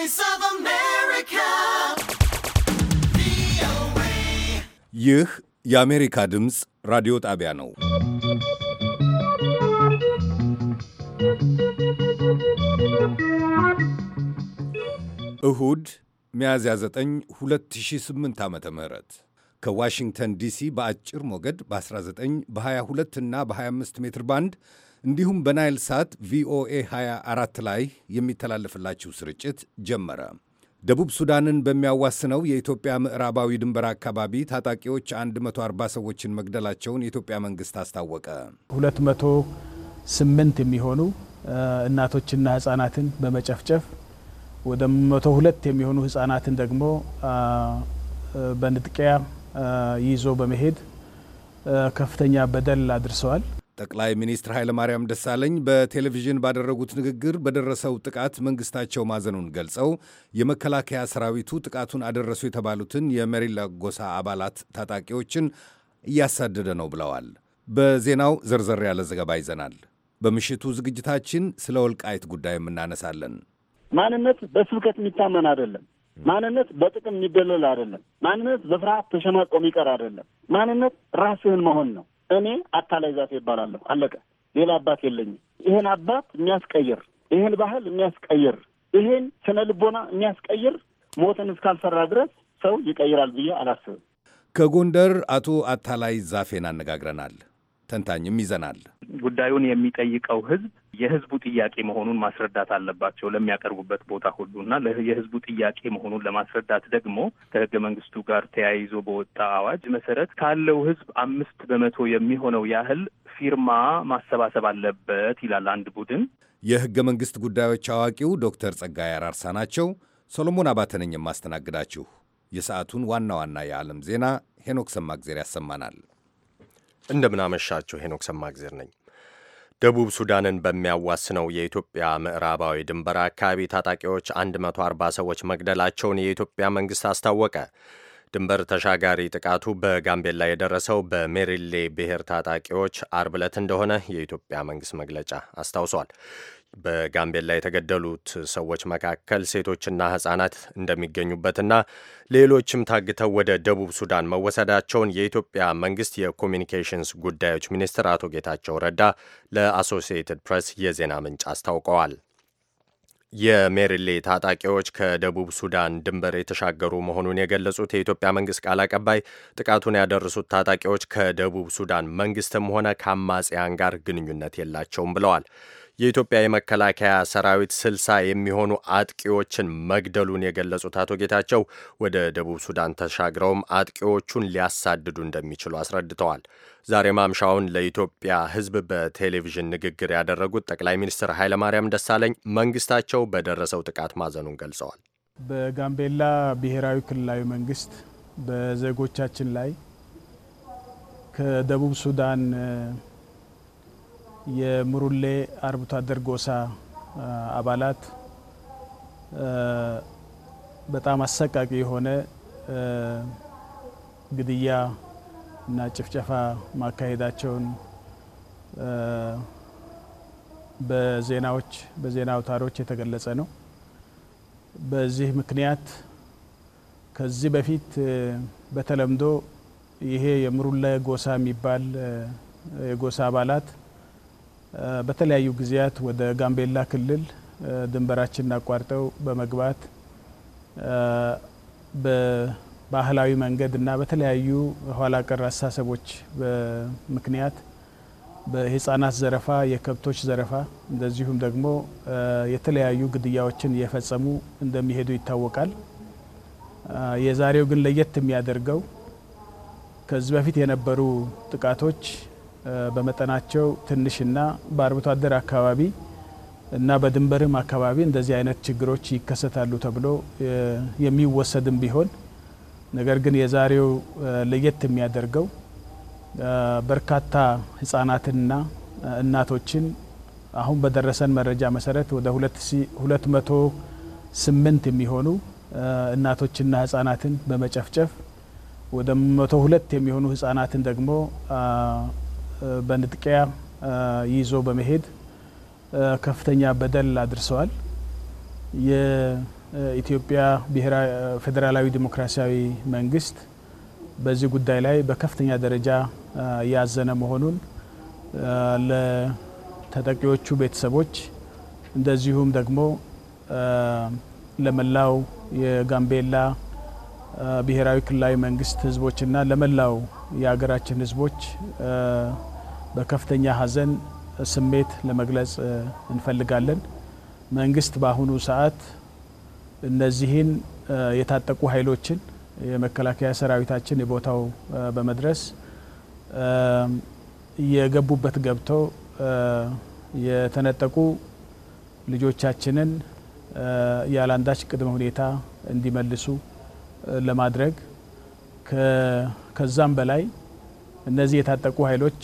Voice of America. ይህ የአሜሪካ ድምፅ ራዲዮ ጣቢያ ነው። እሁድ ሚያዝያ 9 2008 ዓ ም ከዋሽንግተን ዲሲ በአጭር ሞገድ በ19 በ22 እና በ25 ሜትር ባንድ እንዲሁም በናይል ሳት ቪኦኤ 24 ላይ የሚተላለፍላችሁ ስርጭት ጀመረ። ደቡብ ሱዳንን በሚያዋስነው የኢትዮጵያ ምዕራባዊ ድንበር አካባቢ ታጣቂዎች 140 ሰዎችን መግደላቸውን የኢትዮጵያ መንግሥት አስታወቀ። 208 የሚሆኑ እናቶችና ህጻናትን በመጨፍጨፍ ወደ 102 የሚሆኑ ህጻናትን ደግሞ በንጥቂያ ይዞ በመሄድ ከፍተኛ በደል አድርሰዋል። ጠቅላይ ሚኒስትር ኃይለማርያም ደሳለኝ በቴሌቪዥን ባደረጉት ንግግር በደረሰው ጥቃት መንግስታቸው ማዘኑን ገልጸው የመከላከያ ሰራዊቱ ጥቃቱን አደረሱ የተባሉትን የመሪላ ጎሳ አባላት ታጣቂዎችን እያሳደደ ነው ብለዋል። በዜናው ዘርዘር ያለ ዘገባ ይዘናል። በምሽቱ ዝግጅታችን ስለ ወልቃይት ጉዳይም እናነሳለን። ማንነት በስብከት የሚታመን አይደለም። ማንነት በጥቅም የሚደለል አይደለም። ማንነት በፍርሃት ተሸማቆ የሚቀር አይደለም። ማንነት ራስህን መሆን ነው። እኔ አታላይ ዛፌ ይባላለሁ። አለቀ። ሌላ አባት የለኝም። ይሄን አባት የሚያስቀይር ይህን ባህል የሚያስቀይር ይህን ስነ ልቦና የሚያስቀይር ሞትን እስካልፈራ ድረስ ሰው ይቀይራል ብዬ አላስብም። ከጎንደር አቶ አታላይ ዛፌን አነጋግረናል። ተንታኝም ይዘናል። ጉዳዩን የሚጠይቀው ህዝብ የህዝቡ ጥያቄ መሆኑን ማስረዳት አለባቸው ለሚያቀርቡበት ቦታ ሁሉ እና የህዝቡ ጥያቄ መሆኑን ለማስረዳት ደግሞ ከህገ መንግስቱ ጋር ተያይዞ በወጣ አዋጅ መሰረት ካለው ህዝብ አምስት በመቶ የሚሆነው ያህል ፊርማ ማሰባሰብ አለበት ይላል አንድ ቡድን። የህገ መንግስት ጉዳዮች አዋቂው ዶክተር ጸጋይ አራርሳ ናቸው። ሰሎሞን አባተነኝ የማስተናግዳችሁ። የሰዓቱን ዋና ዋና የዓለም ዜና ሄኖክ ሰማግዜር ያሰማናል። እንደምናመሻቸው ሄኖክ ሰማግዜር ነኝ። ደቡብ ሱዳንን በሚያዋስነው የኢትዮጵያ ምዕራባዊ ድንበር አካባቢ ታጣቂዎች 140 ሰዎች መግደላቸውን የኢትዮጵያ መንግሥት አስታወቀ። ድንበር ተሻጋሪ ጥቃቱ በጋምቤላ የደረሰው በሜሪሌ ብሔር ታጣቂዎች አርብ ዕለት እንደሆነ የኢትዮጵያ መንግሥት መግለጫ አስታውሷል። በጋምቤላ የተገደሉት ሰዎች መካከል ሴቶችና ሕጻናት እንደሚገኙበትና ሌሎችም ታግተው ወደ ደቡብ ሱዳን መወሰዳቸውን የኢትዮጵያ መንግስት የኮሚኒኬሽንስ ጉዳዮች ሚኒስትር አቶ ጌታቸው ረዳ ለአሶሲኤትድ ፕሬስ የዜና ምንጭ አስታውቀዋል። የሜሪሌ ታጣቂዎች ከደቡብ ሱዳን ድንበር የተሻገሩ መሆኑን የገለጹት የኢትዮጵያ መንግስት ቃል አቀባይ ጥቃቱን ያደረሱት ታጣቂዎች ከደቡብ ሱዳን መንግስትም ሆነ ከአማጽያን ጋር ግንኙነት የላቸውም ብለዋል። የኢትዮጵያ የመከላከያ ሰራዊት ስልሳ የሚሆኑ አጥቂዎችን መግደሉን የገለጹት አቶ ጌታቸው ወደ ደቡብ ሱዳን ተሻግረውም አጥቂዎቹን ሊያሳድዱ እንደሚችሉ አስረድተዋል። ዛሬ ማምሻውን ለኢትዮጵያ ሕዝብ በቴሌቪዥን ንግግር ያደረጉት ጠቅላይ ሚኒስትር ኃይለማርያም ደሳለኝ መንግስታቸው በደረሰው ጥቃት ማዘኑን ገልጸዋል። በጋምቤላ ብሔራዊ ክልላዊ መንግስት በዜጎቻችን ላይ ከደቡብ ሱዳን የሙሩሌ አርብቶ አደር ጎሳ አባላት በጣም አሰቃቂ የሆነ ግድያ እና ጭፍጨፋ ማካሄዳቸውን በዜናዎች በዜና አውታሮች የተገለጸ ነው። በዚህ ምክንያት ከዚህ በፊት በተለምዶ ይሄ የሙሩሌ ጎሳ የሚባል የጎሳ አባላት በተለያዩ ጊዜያት ወደ ጋምቤላ ክልል ድንበራችንን አቋርጠው በመግባት በባህላዊ መንገድ እና በተለያዩ ኋላ ቀር አስተሳሰቦች ምክንያት በህፃናት ዘረፋ፣ የከብቶች ዘረፋ እንደዚሁም ደግሞ የተለያዩ ግድያዎችን እየፈጸሙ እንደሚሄዱ ይታወቃል። የዛሬው ግን ለየት የሚያደርገው ከዚህ በፊት የነበሩ ጥቃቶች በመጠናቸው ትንሽና በአርብቶ አደር አካባቢ እና በድንበርም አካባቢ እንደዚህ አይነት ችግሮች ይከሰታሉ ተብሎ የሚወሰድም ቢሆን ነገር ግን የዛሬው ለየት የሚያደርገው በርካታ ህጻናትንና እናቶችን አሁን በደረሰን መረጃ መሰረት ወደ 208 የሚሆኑ እናቶችና ህጻናትን በመጨፍጨፍ ወደ 102 የሚሆኑ ህጻናትን ደግሞ በንጥቂያ ይዞ በመሄድ ከፍተኛ በደል አድርሰዋል። የኢትዮጵያ ፌዴራላዊ ዲሞክራሲያዊ መንግስት በዚህ ጉዳይ ላይ በከፍተኛ ደረጃ ያዘነ መሆኑን ለተጠቂዎቹ ቤተሰቦች እንደዚሁም ደግሞ ለመላው የጋምቤላ ብሔራዊ ክልላዊ መንግስት ህዝቦችና ለመላው የሀገራችን ህዝቦች በከፍተኛ ሐዘን ስሜት ለመግለጽ እንፈልጋለን። መንግስት በአሁኑ ሰዓት እነዚህን የታጠቁ ኃይሎችን የመከላከያ ሰራዊታችን የቦታው በመድረስ የገቡበት ገብተው የተነጠቁ ልጆቻችንን ያለአንዳች ቅድመ ሁኔታ እንዲመልሱ ለማድረግ ከዛም በላይ እነዚህ የታጠቁ ኃይሎች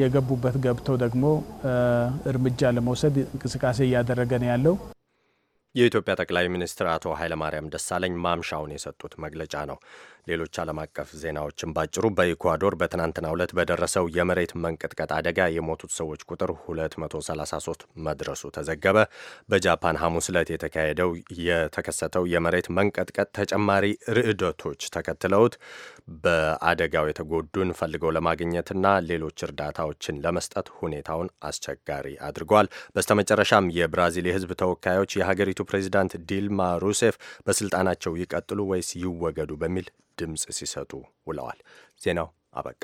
የገቡበት ገብተው ደግሞ እርምጃ ለመውሰድ እንቅስቃሴ እያደረገ ነው ያለው። የኢትዮጵያ ጠቅላይ ሚኒስትር አቶ ኃይለማርያም ደሳለኝ ማምሻውን የሰጡት መግለጫ ነው። ሌሎች ዓለም አቀፍ ዜናዎችን ባጭሩ። በኢኳዶር በትናንትናው ዕለት በደረሰው የመሬት መንቀጥቀጥ አደጋ የሞቱት ሰዎች ቁጥር 233 መድረሱ ተዘገበ። በጃፓን ሐሙስ ዕለት የተካሄደው የተከሰተው የመሬት መንቀጥቀጥ ተጨማሪ ርዕደቶች ተከትለውት በአደጋው የተጎዱን ፈልገው ለማግኘትና ሌሎች እርዳታዎችን ለመስጠት ሁኔታውን አስቸጋሪ አድርጓል። በስተመጨረሻም የብራዚል የህዝብ ተወካዮች የሀገሪቱ ፕሬዚዳንት ዲልማ ሩሴፍ በስልጣናቸው ይቀጥሉ ወይስ ይወገዱ በሚል ድምፅ ሲሰጡ ውለዋል። ዜናው አበቃ።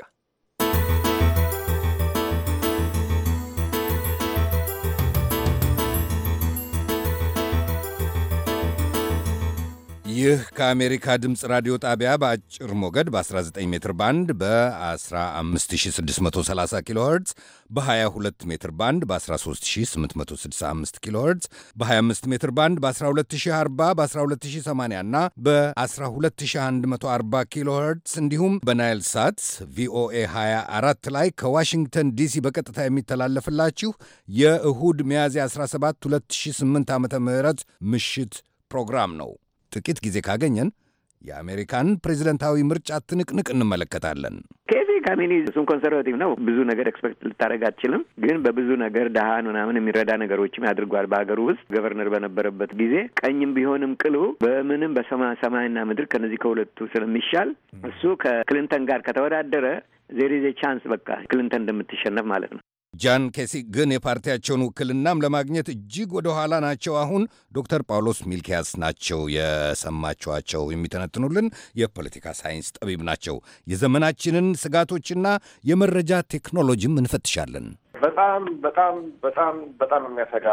ይህ ከአሜሪካ ድምፅ ራዲዮ ጣቢያ በአጭር ሞገድ በ19 ሜትር ባንድ በ15630 ኪሎ ኸርትዝ በ22 ሜትር ባንድ በ13865 ኪሎ ኸርትዝ በ25 ሜትር ባንድ በ12040 በ12080 እና በ12140 ኪሎ ኸርትዝ እንዲሁም በናይል ሳት ቪኦኤ 24 ላይ ከዋሽንግተን ዲሲ በቀጥታ የሚተላለፍላችሁ የእሁድ ሚያዝያ 17 2008 ዓ ም ምሽት ፕሮግራም ነው። ጥቂት ጊዜ ካገኘን የአሜሪካን ፕሬዚደንታዊ ምርጫ ትንቅንቅ እንመለከታለን። ኬቪ ካሜኒ እሱም ኮንሰርቫቲቭ ነው። ብዙ ነገር ኤክስፐክት ልታደረግ አትችልም። ግን በብዙ ነገር ድሃን ምናምን የሚረዳ ነገሮችም ያድርጓል። በሀገሩ ውስጥ ገቨርነር በነበረበት ጊዜ ቀኝም ቢሆንም ቅሉ በምንም በሰማ ሰማይና ምድር ከነዚህ ከሁለቱ ስለሚሻል እሱ ከክሊንተን ጋር ከተወዳደረ ዜሪዜ ቻንስ በቃ ክሊንተን እንደምትሸነፍ ማለት ነው። ጃን ኬሲክ ግን የፓርቲያቸውን ውክልናም ለማግኘት እጅግ ወደ ኋላ ናቸው። አሁን ዶክተር ጳውሎስ ሚልኪያስ ናቸው የሰማችኋቸው። የሚተነትኑልን የፖለቲካ ሳይንስ ጠቢብ ናቸው። የዘመናችንን ስጋቶችና የመረጃ ቴክኖሎጂም እንፈትሻለን። በጣም በጣም በጣም በጣም የሚያሰጋ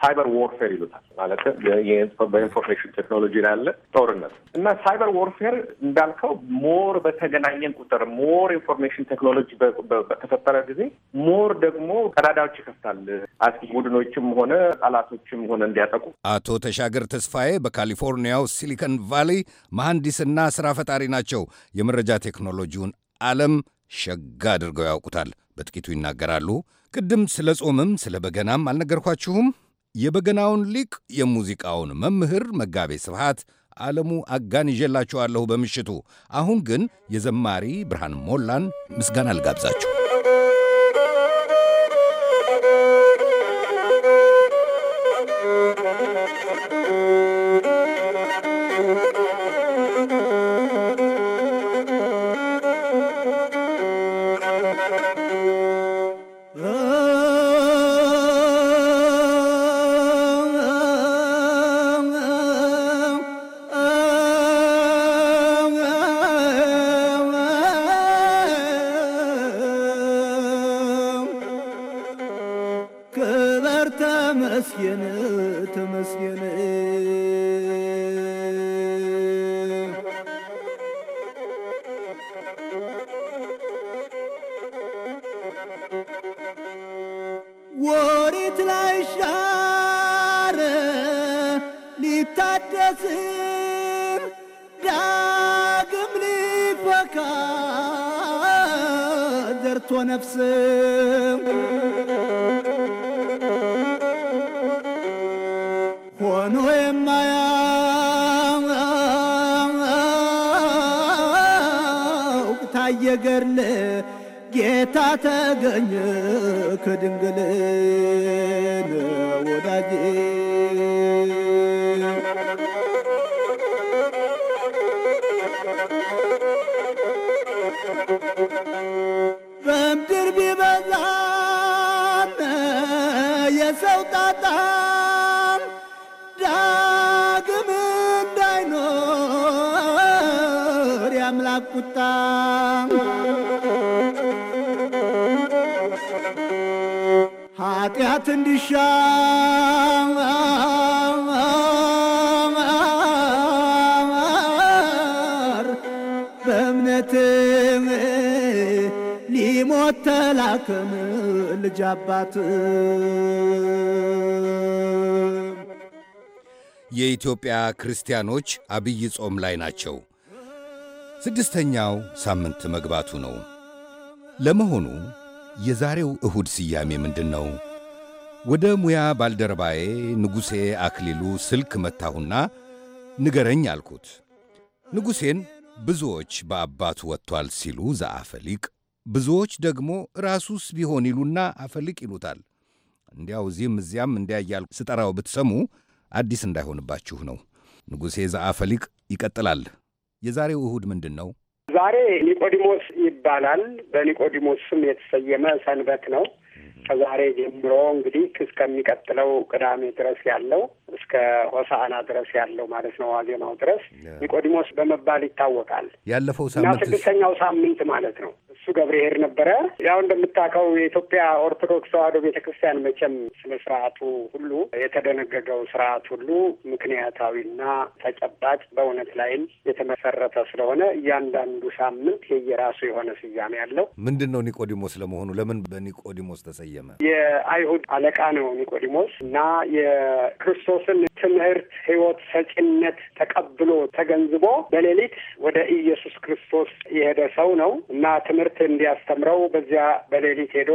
ሳይበር ዋርፌር ይሉታል። ማለት በኢንፎርሜሽን ቴክኖሎጂ ላይ ያለ ጦርነት እና ሳይበር ዋርፌር እንዳልከው ሞር በተገናኘን ቁጥር ሞር ኢንፎርሜሽን ቴክኖሎጂ በተፈጠረ ጊዜ ሞር ደግሞ ቀዳዳዎች ይከፍታል። አስኪ ቡድኖችም ሆነ ጠላቶችም ሆነ እንዲያጠቁ። አቶ ተሻገር ተስፋዬ በካሊፎርኒያው ሲሊከን ቫሊ መሐንዲስና ስራ ፈጣሪ ናቸው። የመረጃ ቴክኖሎጂውን ዓለም ሸጋ አድርገው ያውቁታል። በጥቂቱ ይናገራሉ። ቅድም ስለ ጾምም ስለ በገናም አልነገርኳችሁም። የበገናውን ሊቅ የሙዚቃውን መምህር መጋቤ ስብሐት ዓለሙ አጋን ይዤላችኋለሁ በምሽቱ። አሁን ግን የዘማሪ ብርሃን ሞላን ምስጋና ልጋብዛችሁ። ወሪት ላይ ሻረ ሊታደስም ዳግም ሊፈካ ዘርቶ ነፍስም ተገኘ ከድንግል እንዲሻ በእምነትም ሊሞት ተላከም ልጅ አባት የኢትዮጵያ ክርስቲያኖች አብይ ጾም ላይ ናቸው። ስድስተኛው ሳምንት መግባቱ ነው። ለመሆኑ የዛሬው እሁድ ስያሜ ምንድን ነው? ወደ ሙያ ባልደረባዬ ንጉሴ አክሊሉ ስልክ መታሁና ንገረኝ አልኩት። ንጉሴን ብዙዎች በአባቱ ወጥቷል ሲሉ ዘአፈሊቅ፣ ብዙዎች ደግሞ ራሱስ ቢሆን ይሉና አፈሊቅ ይሉታል። እንዲያው እዚህም እዚያም እንዲያ እያልኩ ስጠራው ብትሰሙ አዲስ እንዳይሆንባችሁ ነው። ንጉሴ ዘአፈሊቅ ይቀጥላል። የዛሬው እሁድ ምንድን ነው? ዛሬ ኒቆዲሞስ ይባላል። በኒቆዲሞስ ስም የተሰየመ ሰንበት ነው። ከዛሬ ጀምሮ እንግዲህ እስከሚቀጥለው ቅዳሜ ድረስ ያለው እስከ ሆሳአና ድረስ ያለው ማለት ነው ዋዜማው ድረስ ኒቆዲሞስ በመባል ይታወቃል። ያለፈው ሳምንት እና ስድስተኛው ሳምንት ማለት ነው እሱ ገብርሄር ነበረ። ያው እንደምታውቀው የኢትዮጵያ ኦርቶዶክስ ተዋሕዶ ቤተ ክርስቲያን መቼም ስለ ስርዓቱ ሁሉ የተደነገገው ስርዓት ሁሉ ምክንያታዊና ተጨባጭ በእውነት ላይም የተመሰረተ ስለሆነ እያንዳንዱ ሳምንት የየራሱ የሆነ ስያሜ ያለው ምንድን ነው ኒቆዲሞስ ለመሆኑ ለምን በኒቆዲሞስ ተሰ ተሰየመ? የአይሁድ አለቃ ነው ኒቆዲሞስ እና የክርስቶስን ትምህርት ህይወት ሰጪነት ተቀብሎ ተገንዝቦ በሌሊት ወደ ኢየሱስ ክርስቶስ የሄደ ሰው ነው እና ትምህርት እንዲያስተምረው በዚያ በሌሊት ሄዶ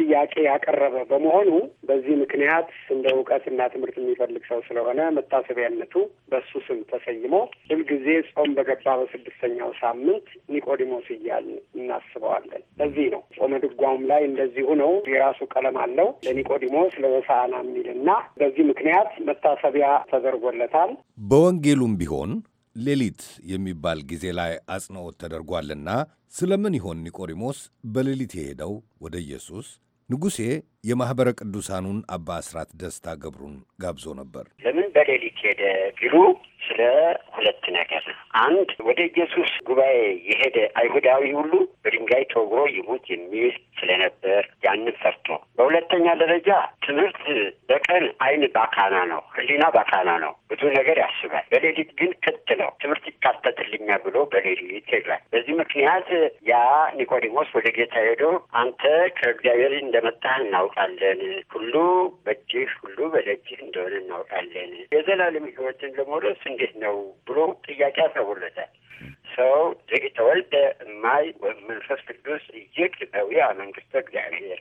ጥያቄ ያቀረበ በመሆኑ በዚህ ምክንያት እንደ እውቀትና ትምህርት የሚፈልግ ሰው ስለሆነ መታሰቢያነቱ በሱ ስም ተሰይሞ ሁልጊዜ ጾም በገባ በስድስተኛው ሳምንት ኒቆዲሞስ እያል እናስበዋለን። ለዚህ ነው ጾመ ድጓውም ላይ እንደዚሁ ነው። የራሱ ቀለም አለው ለኒቆዲሞስ ለወሳና እና በዚህ ምክንያት መታሰቢያ ተደርጎለታል። በወንጌሉም ቢሆን ሌሊት የሚባል ጊዜ ላይ አጽንኦት ተደርጓልና ስለምን ይሆን ኒቆዲሞስ በሌሊት የሄደው ወደ ኢየሱስ? ንጉሴ የማኅበረ ቅዱሳኑን አባ አስራት ደስታ ገብሩን ጋብዞ ነበር። ለምን በሌሊት ሄደ ቢሉ ስለ ሁለት ነገር አንድ ወደ ኢየሱስ ጉባኤ የሄደ አይሁዳዊ ሁሉ በድንጋይ ተወግሮ ይሙት የሚል ስለነበር ያንን ፈርቶ፣ በሁለተኛ ደረጃ ትምህርት በቀን አይን ባካና ነው፣ ህሊና ባካና ነው። ብዙ ነገር ያስባል። በሌሊት ግን ክት ነው፣ ትምህርት ይካተትልኛ ብሎ በሌሊት ሄዷል። በዚህ ምክንያት ያ ኒቆዲሞስ ወደ ጌታ ሄዶ አንተ ከእግዚአብሔር እንደመጣህ እናውቃለን፣ ሁሉ በእጅህ ሁሉ በደጅህ እንደሆነ እናውቃለን፣ የዘላለም ህይወትን ለመውረስ እንዴት ነው ብሎ ጥያቄ አቅርቦለታል። ሰው ዘግይተወልደ እማይ ወመንፈስ ቅዱስ ይቅ ነዊያ መንግስተ እግዚአብሔር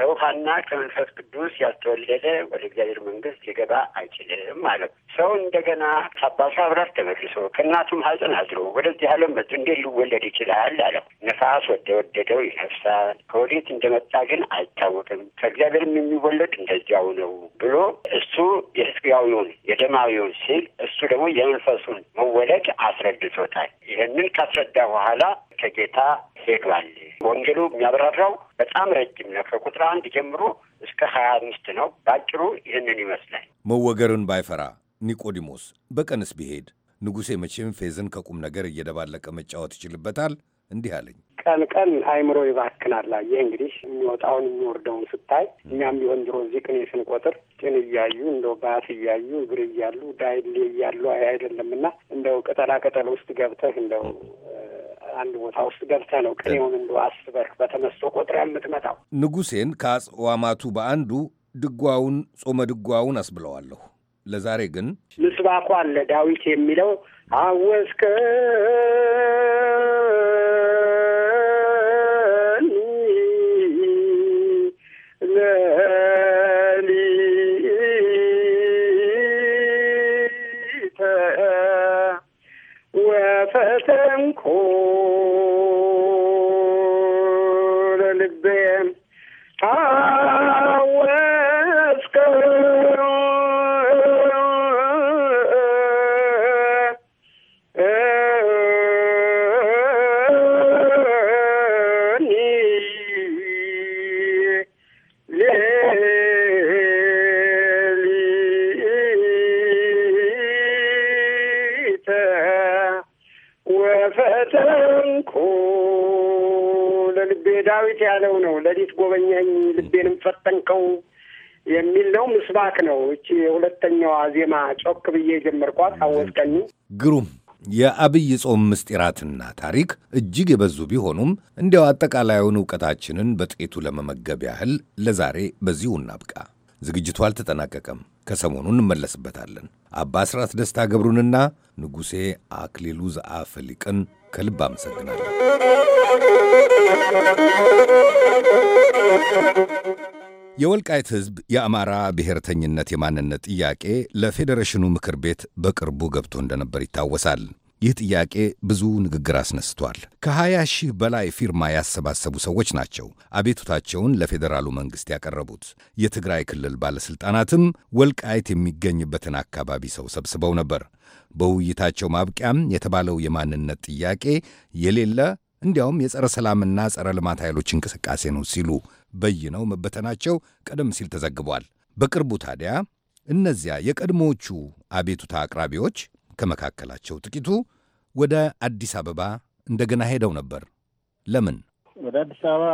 ከውሃና ከመንፈስ ቅዱስ ያልተወለደ ወደ እግዚአብሔር መንግስት ሊገባ አይችልም ማለት ነው። ሰው እንደገና ከአባቱ አብራር ተመልሶ ከእናቱም ሐዘን አድሮ ወደዚህ ዓለም መጡ እንዴት ሊወለድ ይችላል አለው። ነፋስ ወደ ወደደው ይነፍሳል፣ ከወዴት እንደመጣ ግን አይታወቅም። ከእግዚአብሔርም የሚወለድ እንደዚያው ነው ብሎ እሱ የስጋዊውን የደማዊውን ሲል እሱ ደግሞ የመንፈሱን መወለድ አስረድቶታል። ይህንን ካስረዳ በኋላ ከጌታ ሄዷል። ወንጌሉ የሚያብራራው በጣም ረጅም ነው። ከቁጥር አንድ ጀምሮ እስከ ሀያ አምስት ነው። በአጭሩ ይህንን ይመስላል። መወገርን ባይፈራ ኒቆዲሞስ በቀንስ ቢሄድ ንጉሴ መቼም ፌዝን ከቁም ነገር እየደባለቀ መጫወት ይችልበታል እንዲህ አለኝ። ቀን ቀን አይምሮ ይባክናል። ይህ እንግዲህ የሚወጣውን የሚወርደውን ስታይ እኛም ቢሆን ድሮ እዚህ ቅኔ ስንቆጥር ጭን እያዩ እንደው ባት እያዩ እግር እያሉ ዳይሌ እያሉ አይደለምና እንደው ቅጠላ ቅጠል ውስጥ ገብተህ እንደው አንድ ቦታ ውስጥ ገብተህ ነው ቅኔውን እንዶ አስበህ በተመስጦ ቆጥረህ የምትመጣው። ንጉሴን ከአጽዋማቱ በአንዱ ድጓውን ጾመ ድጓውን አስብለዋለሁ። ለዛሬ ግን ምስባኩ አለ ዳዊት የሚለው አወስከ ስባክ ነው። እቺ የሁለተኛዋ ዜማ ጮክ ብዬ ጀመርኳት፣ አወስቀኝ። ግሩም የአብይ ጾም ምስጢራትና ታሪክ እጅግ የበዙ ቢሆኑም እንዲያው አጠቃላዩን እውቀታችንን በጥቂቱ ለመመገብ ያህል ለዛሬ በዚሁ እናብቃ። ዝግጅቱ አልተጠናቀቀም። ከሰሞኑ እንመለስበታለን። አባ ስርዓት ደስታ ገብሩንና ንጉሴ አክሊሉ ዘአፈሊቅን ከልብ አመሰግናለሁ። የወልቃይት ሕዝብ የአማራ ብሔርተኝነት የማንነት ጥያቄ ለፌዴሬሽኑ ምክር ቤት በቅርቡ ገብቶ እንደነበር ይታወሳል። ይህ ጥያቄ ብዙ ንግግር አስነስቷል። ከ20 ሺህ በላይ ፊርማ ያሰባሰቡ ሰዎች ናቸው አቤቱታቸውን ለፌዴራሉ መንግሥት ያቀረቡት። የትግራይ ክልል ባለሥልጣናትም ወልቃይት የሚገኝበትን አካባቢ ሰው ሰብስበው ነበር። በውይይታቸው ማብቂያም የተባለው የማንነት ጥያቄ የሌለ እንዲያውም የጸረ ሰላምና ጸረ ልማት ኃይሎች እንቅስቃሴ ነው ሲሉ በይነው መበተናቸው ቀደም ሲል ተዘግቧል። በቅርቡ ታዲያ እነዚያ የቀድሞዎቹ አቤቱታ አቅራቢዎች ከመካከላቸው ጥቂቱ ወደ አዲስ አበባ እንደገና ሄደው ነበር። ለምን ወደ አዲስ አበባ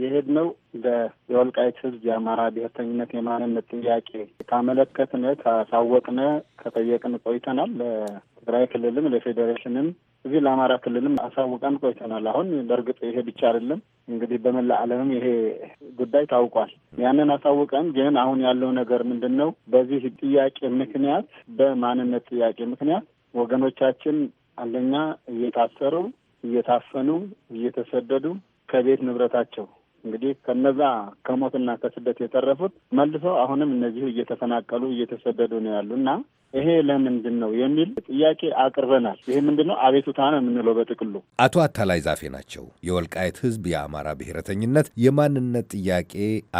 የሄድነው የወልቃይት ሕዝብ የአማራ ብሔርተኝነት የማንነት ጥያቄ ካመለከትነ፣ ካሳወቅነ፣ ከጠየቅን ቆይተናል። ለትግራይ ክልልም ለፌዴሬሽንም እዚህ ለአማራ ክልልም አሳውቀን ቆይተናል። አሁን በእርግጥ ይሄ ብቻ አይደለም እንግዲህ በመላ ዓለምም ይሄ ጉዳይ ታውቋል። ያንን አሳውቀን ግን አሁን ያለው ነገር ምንድን ነው? በዚህ ጥያቄ ምክንያት በማንነት ጥያቄ ምክንያት ወገኖቻችን አንደኛ እየታሰሩ እየታፈኑ እየተሰደዱ ከቤት ንብረታቸው እንግዲህ ከነዛ ከሞትና ከስደት የተረፉት መልሶ አሁንም እነዚሁ እየተፈናቀሉ እየተሰደዱ ነው ያሉ እና ይሄ ለምንድን ነው የሚል ጥያቄ አቅርበናል። ይሄ ምንድን ነው አቤቱታ ነው የምንለው በጥቅሉ። አቶ አታላይ ዛፌ ናቸው የወልቃየት ህዝብ የአማራ ብሔረተኝነት የማንነት ጥያቄ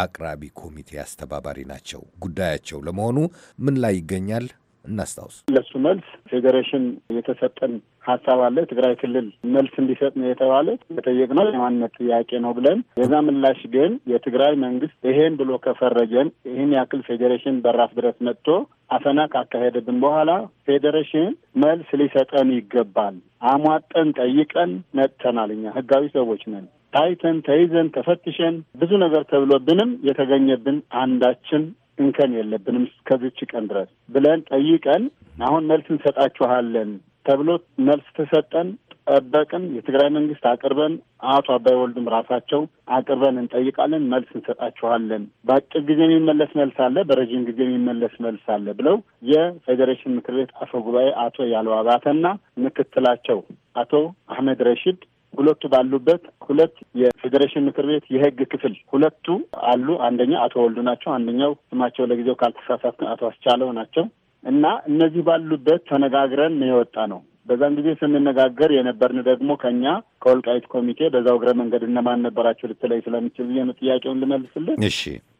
አቅራቢ ኮሚቴ አስተባባሪ ናቸው። ጉዳያቸው ለመሆኑ ምን ላይ ይገኛል? እናስታውስ። ለሱ መልስ ፌዴሬሽን የተሰጠን ሀሳብ አለ። ትግራይ ክልል መልስ እንዲሰጥ ነው የተባለ የጠየቅነው የማንነት ጥያቄ ነው ብለን የዛ ምላሽ ግን የትግራይ መንግስት ይሄን ብሎ ከፈረጀን ይህን ያክል ፌዴሬሽን በራፍ ድረስ መጥቶ አፈና ካካሄደብን በኋላ ፌዴሬሽን መልስ ሊሰጠን ይገባል። አሟጠን ጠይቀን መጥተናል። እኛ ህጋዊ ሰዎች ነን። ታይተን ተይዘን ተፈትሸን ብዙ ነገር ተብሎብንም የተገኘብን አንዳችን እንከን የለብንም እስከዚች ቀን ድረስ ብለን ጠይቀን አሁን መልስ እንሰጣችኋለን ተብሎ መልስ ተሰጠን። ጠበቅን። የትግራይ መንግስት አቅርበን አቶ አባይ ወልዱም ራሳቸው አቅርበን እንጠይቃለን፣ መልስ እንሰጣችኋለን፣ በአጭር ጊዜ የሚመለስ መልስ አለ፣ በረዥም ጊዜ የሚመለስ መልስ አለ ብለው የፌዴሬሽን ምክር ቤት አፈ ጉባኤ አቶ ያለው አባተና ምክትላቸው አቶ አህመድ ረሺድ ሁለቱ ባሉበት ሁለት የፌዴሬሽን ምክር ቤት የህግ ክፍል ሁለቱ አሉ። አንደኛው አቶ ወልዱ ናቸው። አንደኛው ስማቸው ለጊዜው ካልተሳሳትኩ አቶ አስቻለው ናቸው። እና እነዚህ ባሉበት ተነጋግረን ነው የወጣ ነው። በዛን ጊዜ ስንነጋገር የነበርን ደግሞ ከኛ ከወልቃይት ኮሚቴ በዛው እግረ መንገድ እነማን ነበራቸው ልትለይ ስለምችል ነው ጥያቄውን ልመልስልን። እሺ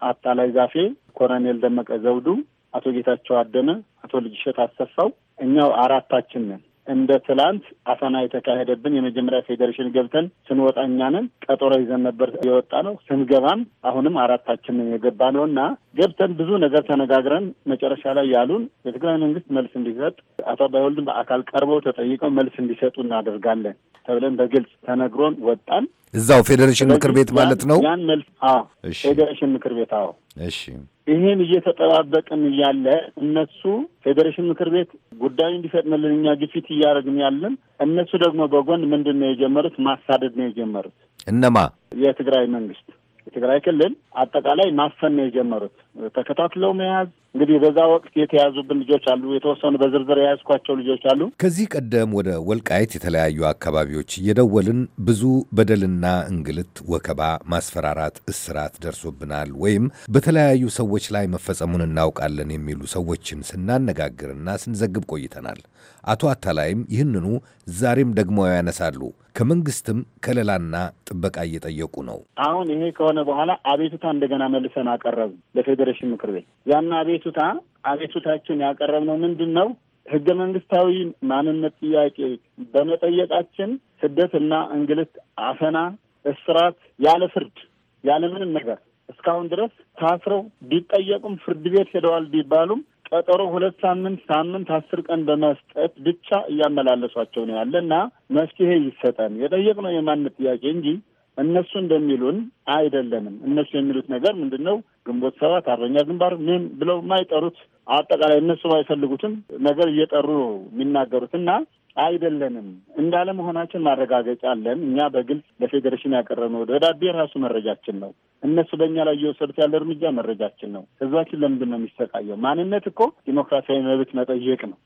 አታላይ ዛፌ፣ ኮሎኔል ደመቀ ዘውዱ፣ አቶ ጌታቸው አደነ፣ አቶ ልጅሸት አሰፋው፣ እኛው አራታችን ነን። እንደ ትላንት አፈና የተካሄደብን የመጀመሪያ ፌዴሬሽን ገብተን ስንወጣ እኛንን ቀጠሮ ይዘን ነበር የወጣ ነው። ስንገባም አሁንም አራታችንን የገባ ነው እና ገብተን ብዙ ነገር ተነጋግረን መጨረሻ ላይ ያሉን የትግራይ መንግስት መልስ እንዲሰጥ አቶ አባይ ወልድን በአካል ቀርበው ተጠይቀው መልስ እንዲሰጡ እናደርጋለን ተብለን በግልጽ ተነግሮን ወጣን። እዛው ፌዴሬሽን ምክር ቤት ማለት ነው። ያን መልስ ፌዴሬሽን ምክር ቤት አዎ። እሺ ይህን እየተጠባበቅን እያለ እነሱ ፌዴሬሽን ምክር ቤት ጉዳዩ እንዲፈጥንልን እኛ ግፊት እያደረግን ያለን፣ እነሱ ደግሞ በጎን ምንድን ነው የጀመሩት? ማሳደድ ነው የጀመሩት። እነማ የትግራይ መንግስት የትግራይ ክልል አጠቃላይ ማፈን ነው የጀመሩት። ተከታትለው መያዝ እንግዲህ በዛ ወቅት የተያዙብን ልጆች አሉ። የተወሰኑ በዝርዝር የያዝኳቸው ልጆች አሉ። ከዚህ ቀደም ወደ ወልቃይት የተለያዩ አካባቢዎች እየደወልን ብዙ በደልና እንግልት፣ ወከባ፣ ማስፈራራት፣ እስራት ደርሶብናል ወይም በተለያዩ ሰዎች ላይ መፈጸሙን እናውቃለን የሚሉ ሰዎችን ስናነጋግርና ስንዘግብ ቆይተናል። አቶ አታላይም ይህንኑ ዛሬም ደግሞ ያነሳሉ። ከመንግስትም ከለላና ጥበቃ እየጠየቁ ነው። አሁን ይሄ ከሆነ በኋላ አቤቱታ እንደገና መልሰን አቀረብ ለፌዴሬሽን ምክር ቤት። ያና አቤቱታ አቤቱታችን ያቀረብነው ምንድን ነው? ህገ መንግስታዊ ማንነት ጥያቄ በመጠየቃችን ስደትና እንግልት፣ አፈና፣ እስራት ያለ ፍርድ ያለ ምንም ነገር እስካሁን ድረስ ታስረው ቢጠየቁም ፍርድ ቤት ሄደዋል ቢባሉም ቀጠሮ ሁለት ሳምንት ሳምንት አስር ቀን በመስጠት ብቻ እያመላለሷቸው ነው ያለ እና መፍትሄ ይሰጠን። የጠየቅነው የማንነት ጥያቄ እንጂ እነሱ እንደሚሉን አይደለንም። እነሱ የሚሉት ነገር ምንድን ነው? ግንቦት ሰባት አርበኛ ግንባር ምን ብለው የማይጠሩት አጠቃላይ እነሱ ባይፈልጉትም ነገር እየጠሩ ነው የሚናገሩት እና አይደለንም መሆናችን ማረጋገጫ አለን። እኛ በግልጽ ለፌዴሬሽን ያቀረብነው ደብዳቤ ራሱ መረጃችን ነው። እነሱ በእኛ ላይ እየወሰዱት ያለ እርምጃ መረጃችን ነው። ህዝባችን ለምንድን ነው የሚሰቃየው? ማንነት እኮ ዲሞክራሲያዊ መብት መጠየቅ ነው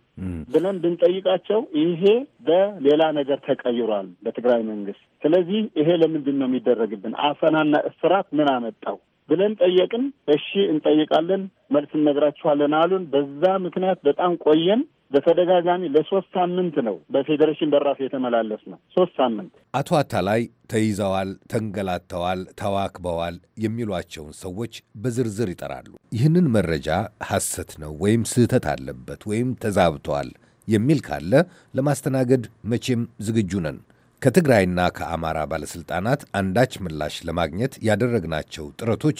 ብለን ብንጠይቃቸው ይሄ በሌላ ነገር ተቀይሯል በትግራይ መንግስት። ስለዚህ ይሄ ለምንድን ነው የሚደረግብን አፈናና እስራት ምን አመጣው ብለን ጠየቅን። እሺ እንጠይቃለን መልስ እነግራችኋለን አሉን። በዛ ምክንያት በጣም ቆየን። በተደጋጋሚ ለሶስት ሳምንት ነው በፌዴሬሽን በራፍ የተመላለስ ነው። ሶስት ሳምንት አቶ አታላይ ተይዘዋል፣ ተንገላተዋል፣ ተዋክበዋል የሚሏቸውን ሰዎች በዝርዝር ይጠራሉ። ይህንን መረጃ ሐሰት ነው ወይም ስህተት አለበት ወይም ተዛብተዋል የሚል ካለ ለማስተናገድ መቼም ዝግጁ ነን። ከትግራይና ከአማራ ባለሥልጣናት አንዳች ምላሽ ለማግኘት ያደረግናቸው ጥረቶች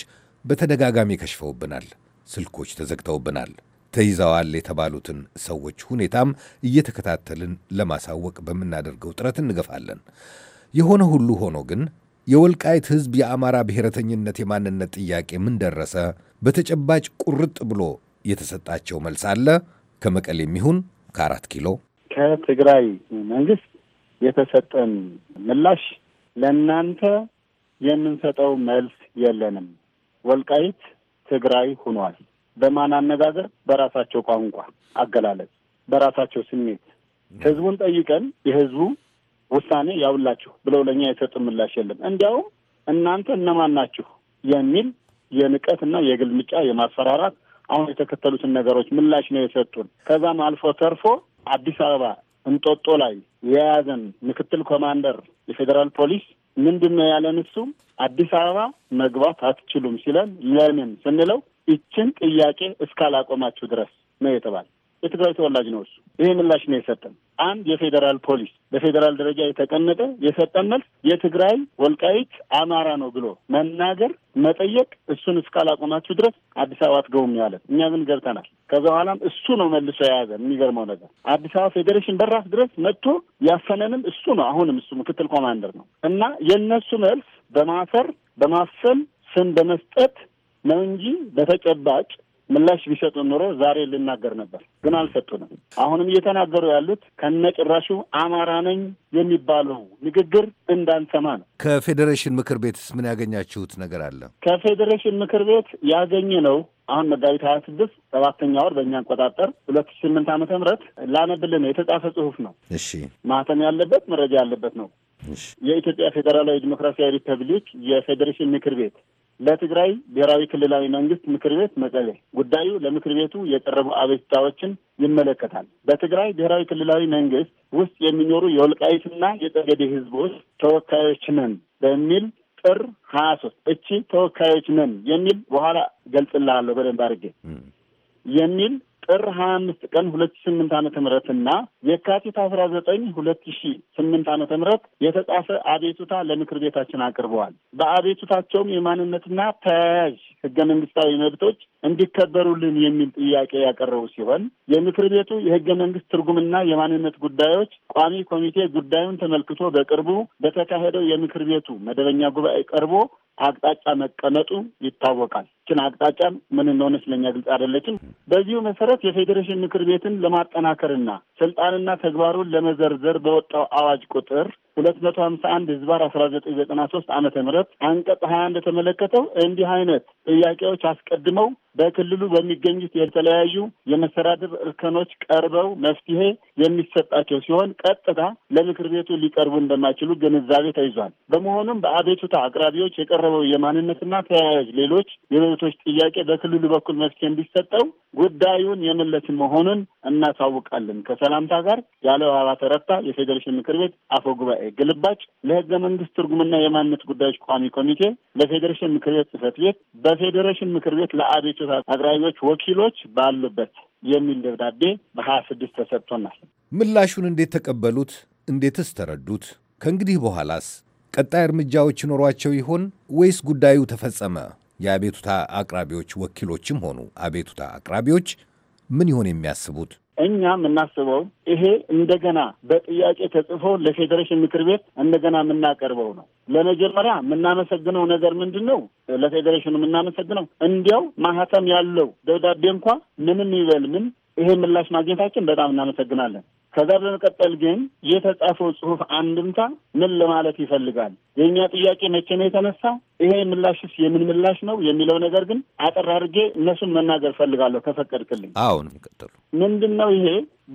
በተደጋጋሚ ከሽፈውብናል። ስልኮች ተዘግተውብናል። ተይዘዋል የተባሉትን ሰዎች ሁኔታም እየተከታተልን ለማሳወቅ በምናደርገው ጥረት እንገፋለን። የሆነ ሁሉ ሆኖ ግን የወልቃይት ሕዝብ የአማራ ብሔረተኝነት የማንነት ጥያቄ ምን ደረሰ? በተጨባጭ ቁርጥ ብሎ የተሰጣቸው መልስ አለ? ከመቀሌ የሚሆን ከአራት ኪሎ ከትግራይ መንግስት የተሰጠን ምላሽ ለእናንተ የምንሰጠው መልስ የለንም፣ ወልቃይት ትግራይ ሆኗል በማን አነጋገር፣ በራሳቸው ቋንቋ አገላለጽ፣ በራሳቸው ስሜት ህዝቡን ጠይቀን የህዝቡ ውሳኔ ያውላችሁ ብለው ለእኛ የሰጡን ምላሽ የለም። እንዲያውም እናንተ እነማን ናችሁ የሚል የንቀትና የግልምጫ የማስፈራራት አሁን የተከተሉትን ነገሮች ምላሽ ነው የሰጡን። ከዛም አልፎ ተርፎ አዲስ አበባ እንጦጦ ላይ የያዘን ምክትል ኮማንደር የፌዴራል ፖሊስ ምንድን ነው ያለን? አዲስ አበባ መግባት አትችሉም ሲለን ለምን ስንለው ይችን ጥያቄ እስካላቆማችሁ ድረስ ነው የተባለ። የትግራይ ተወላጅ ነው እሱ። ይህ ምላሽ ነው የሰጠን። አንድ የፌዴራል ፖሊስ በፌዴራል ደረጃ የተቀመጠ የሰጠን መልስ የትግራይ ወልቃይት አማራ ነው ብሎ መናገር መጠየቅ፣ እሱን እስካላቆማችሁ ድረስ አዲስ አበባ አትገቡም ያለን። እኛ ግን ገብተናል። ከዛ በኋላም እሱ ነው መልሶ የያዘ። የሚገርመው ነገር አዲስ አበባ ፌዴሬሽን በራስ ድረስ መጥቶ ያፈነንም እሱ ነው። አሁንም እሱ ምክትል ኮማንደር ነው እና የእነሱ መልስ በማሰር በማፈን ስም በመስጠት ነው እንጂ በተጨባጭ ምላሽ ቢሰጡ ኑሮ ዛሬ ልናገር ነበር፣ ግን አልሰጡንም። አሁንም እየተናገሩ ያሉት ከነጭራሹ አማራ ነኝ የሚባለው ንግግር እንዳንሰማ ነው። ከፌዴሬሽን ምክር ቤትስ ምን ያገኛችሁት ነገር አለ? ከፌዴሬሽን ምክር ቤት ያገኘ ነው አሁን መጋቢት ሀያ ስድስት ሰባተኛ ወር በእኛ አቆጣጠር ሁለት ሺ ስምንት ዓመተ ምህረት ላነብልን ነው የተጻፈ ጽሁፍ ነው። እሺ ማህተም ያለበት መረጃ ያለበት ነው። የኢትዮጵያ ፌዴራላዊ ዲሞክራሲያዊ ሪፐብሊክ የፌዴሬሽን ምክር ቤት ለትግራይ ብሔራዊ ክልላዊ መንግስት ምክር ቤት መቀሌ ጉዳዩ ለምክር ቤቱ የቀረቡ አቤቱታዎችን ይመለከታል። በትግራይ ብሔራዊ ክልላዊ መንግስት ውስጥ የሚኖሩ የወልቃይትና የጠገዴ ህዝቦች ተወካዮች ነን በሚል ጥር ሀያ ሶስት እቺ ተወካዮች ነን የሚል በኋላ ገልጽላለሁ በደንብ አድርጌ የሚል ጥር ሀያ አምስት ቀን ሁለት ሺ ስምንት ዓመተ ምህረት እና የካቲት አስራ ዘጠኝ ሁለት ሺ ስምንት ዓመተ ምህረት የተጻፈ አቤቱታ ለምክር ቤታችን አቅርበዋል። በአቤቱታቸውም የማንነትና ተያያዥ ህገ መንግስታዊ መብቶች እንዲከበሩልን የሚል ጥያቄ ያቀረቡ ሲሆን የምክር ቤቱ የህገ መንግስት ትርጉምና የማንነት ጉዳዮች ቋሚ ኮሚቴ ጉዳዩን ተመልክቶ በቅርቡ በተካሄደው የምክር ቤቱ መደበኛ ጉባኤ ቀርቦ አቅጣጫ መቀመጡ ይታወቃል። ችን አቅጣጫም ምን እንደሆነ ስለኛ ግልጽ አይደለችም። በዚሁ መሰረት የፌዴሬሽን ምክር ቤትን ለማጠናከርና ስልጣንና ተግባሩን ለመዘርዘር በወጣው አዋጅ ቁጥር ሁለት መቶ ሀምሳ አንድ ህዝባር አስራ ዘጠኝ ዘጠና ሶስት አመተ ምህረት አንቀጽ ሀያ እንደተመለከተው እንዲህ አይነት ጥያቄዎች አስቀድመው በክልሉ በሚገኙት የተለያዩ የመስተዳድር እርከኖች ቀርበው መፍትሄ የሚሰጣቸው ሲሆን ቀጥታ ለምክር ቤቱ ሊቀርቡ እንደማይችሉ ግንዛቤ ተይዟል። በመሆኑም በአቤቱታ አቅራቢዎች የቀረበው የማንነትና ተያያዥ ሌሎች የመብቶች ጥያቄ በክልሉ በኩል መፍትሄ እንዲሰጠው ጉዳዩን የመለስን መሆኑን እናሳውቃለን። ከሰላምታ ጋር ያለው አባተ ረታ የፌዴሬሽን ምክር ቤት አፈ ጉባኤ። ግልባጭ ለህገ መንግስት ትርጉምና የማንነት ጉዳዮች ቋሚ ኮሚቴ፣ ለፌዴሬሽን ምክር ቤት ጽህፈት ቤት፣ በፌዴሬሽን ምክር ቤት ለአቤቱ አቅራቢዎች ወኪሎች ባሉበት የሚል ደብዳቤ በሀያ ስድስት ተሰጥቶናል። ምላሹን እንዴት ተቀበሉት? እንዴትስ ተረዱት? ከእንግዲህ በኋላስ ቀጣይ እርምጃዎች ይኖሯቸው ይሆን ወይስ ጉዳዩ ተፈጸመ? የአቤቱታ አቅራቢዎች ወኪሎችም ሆኑ አቤቱታ አቅራቢዎች ምን ይሆን የሚያስቡት? እኛ የምናስበው ይሄ እንደገና በጥያቄ ተጽፎ ለፌዴሬሽን ምክር ቤት እንደገና የምናቀርበው ነው። ለመጀመሪያ የምናመሰግነው ነገር ምንድን ነው? ለፌዴሬሽኑ የምናመሰግነው እንዲያው ማህተም ያለው ደብዳቤ እንኳ ምንም ይበል ምን ይሄ ምላሽ ማግኘታችን በጣም እናመሰግናለን። ከዛ በመቀጠል ግን የተጻፈው ጽሁፍ አንድምታ ምን ለማለት ይፈልጋል? የእኛ ጥያቄ መቼ ነው የተነሳ? ይሄ ምላሽስ የምን ምላሽ ነው የሚለው ነገር ግን አጠር አድርጌ እነሱን መናገር ፈልጋለሁ ከፈቀድክልኝ። አሁን ቀጥሉ። ምንድን ነው ይሄ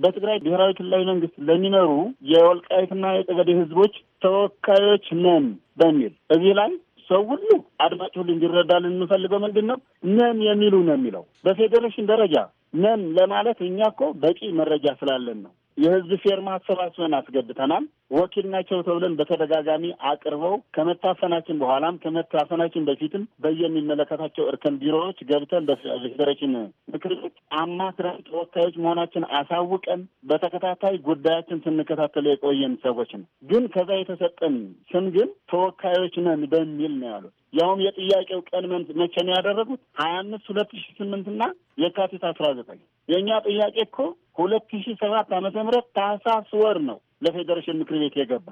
በትግራይ ብሔራዊ ክልላዊ መንግስት ለሚኖሩ የወልቃይትና የጠገዴ ህዝቦች ተወካዮች ነን በሚል እዚህ ላይ ሰው ሁሉ አድማጭ ሁሉ እንዲረዳልን የምንፈልገው ምንድን ነው ነን የሚሉ ነው የሚለው በፌዴሬሽን ደረጃ ነን ለማለት እኛ እኮ በቂ መረጃ ስላለን ነው የህዝብ ፌርማ አሰባስበን አስገብተናል። ወኪል ናቸው ተብለን በተደጋጋሚ አቅርበው ከመታፈናችን በኋላም ከመታፈናችን በፊትም በየሚመለከታቸው እርከን ቢሮዎች ገብተን በፌዴሬሽን ምክር ቤት አማክረን ተወካዮች መሆናችን አሳውቀን በተከታታይ ጉዳያችን ስንከታተሉ የቆየን ሰዎች ነው። ግን ከዛ የተሰጠን ስም ግን ተወካዮች ነን በሚል ነው ያሉት። ያውም የጥያቄው ቀን መቼ ነው ያደረጉት? ሀያ አምስት ሁለት ሺ ስምንትና የካቲት አስራ ዘጠኝ የእኛ ጥያቄ እኮ ሁለት ሺ ሰባት ዓመተ ምህረት ታህሳስ ወር ነው ለፌዴሬሽን ምክር ቤት የገባ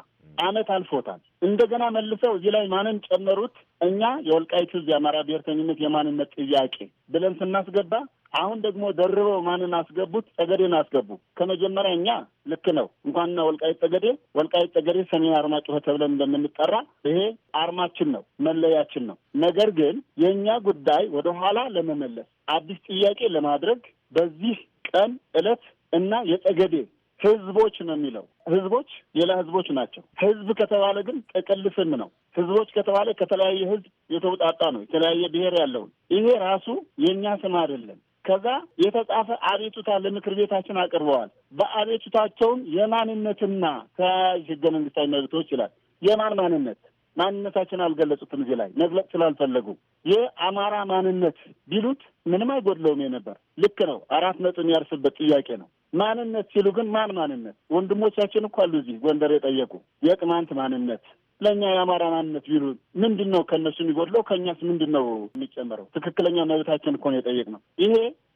አመት አልፎታል። እንደገና መልሰው እዚህ ላይ ማንን ጨመሩት? እኛ የወልቃይት እዚህ የአማራ ብሔርተኝነት የማንነት ጥያቄ ብለን ስናስገባ አሁን ደግሞ ደርበው ማንን አስገቡት? ጠገዴን አስገቡ። ከመጀመሪያ እኛ ልክ ነው እንኳንና ወልቃይት ጠገዴ ወልቃይት ጠገዴ ሰሜን ጩኸ ተብለን እንደምንጠራ ይሄ አርማችን ነው፣ መለያችን ነው። ነገር ግን የእኛ ጉዳይ ወደኋላ ለመመለስ አዲስ ጥያቄ ለማድረግ በዚህ ቀን እለት እና የጠገዴ ህዝቦች ነው የሚለው። ህዝቦች ሌላ ህዝቦች ናቸው። ህዝብ ከተባለ ግን ጥቅል ስም ነው። ህዝቦች ከተባለ ከተለያየ ህዝብ የተውጣጣ ነው፣ የተለያየ ብሔር ያለውን። ይሄ ራሱ የእኛ ስም አይደለም። ከዛ የተጻፈ አቤቱታ ለምክር ቤታችን አቅርበዋል። በአቤቱታቸውም የማንነትና ተያያዥ ህገ መንግስታዊ መብቶች ይላል። የማን ማንነት ማንነታችን አልገለጹትም። እዚህ ላይ መግለጽ ስላልፈለጉ የአማራ ማንነት ቢሉት ምንም አይጎድለውም የነበር ልክ ነው። አራት ነጥብ የሚያርስበት ጥያቄ ነው። ማንነት ሲሉ ግን ማን ማንነት? ወንድሞቻችን እኮ አሉ እዚህ ጎንደር የጠየቁ የቅማንት ማንነት ለእኛ የአማራ ማንነት ቢሉ ምንድን ነው ከእነሱ የሚጎድለው? ከእኛስ ምንድን ነው የሚጨመረው? ትክክለኛ መብታችን እኮ ነው የጠየቅነው። ይሄ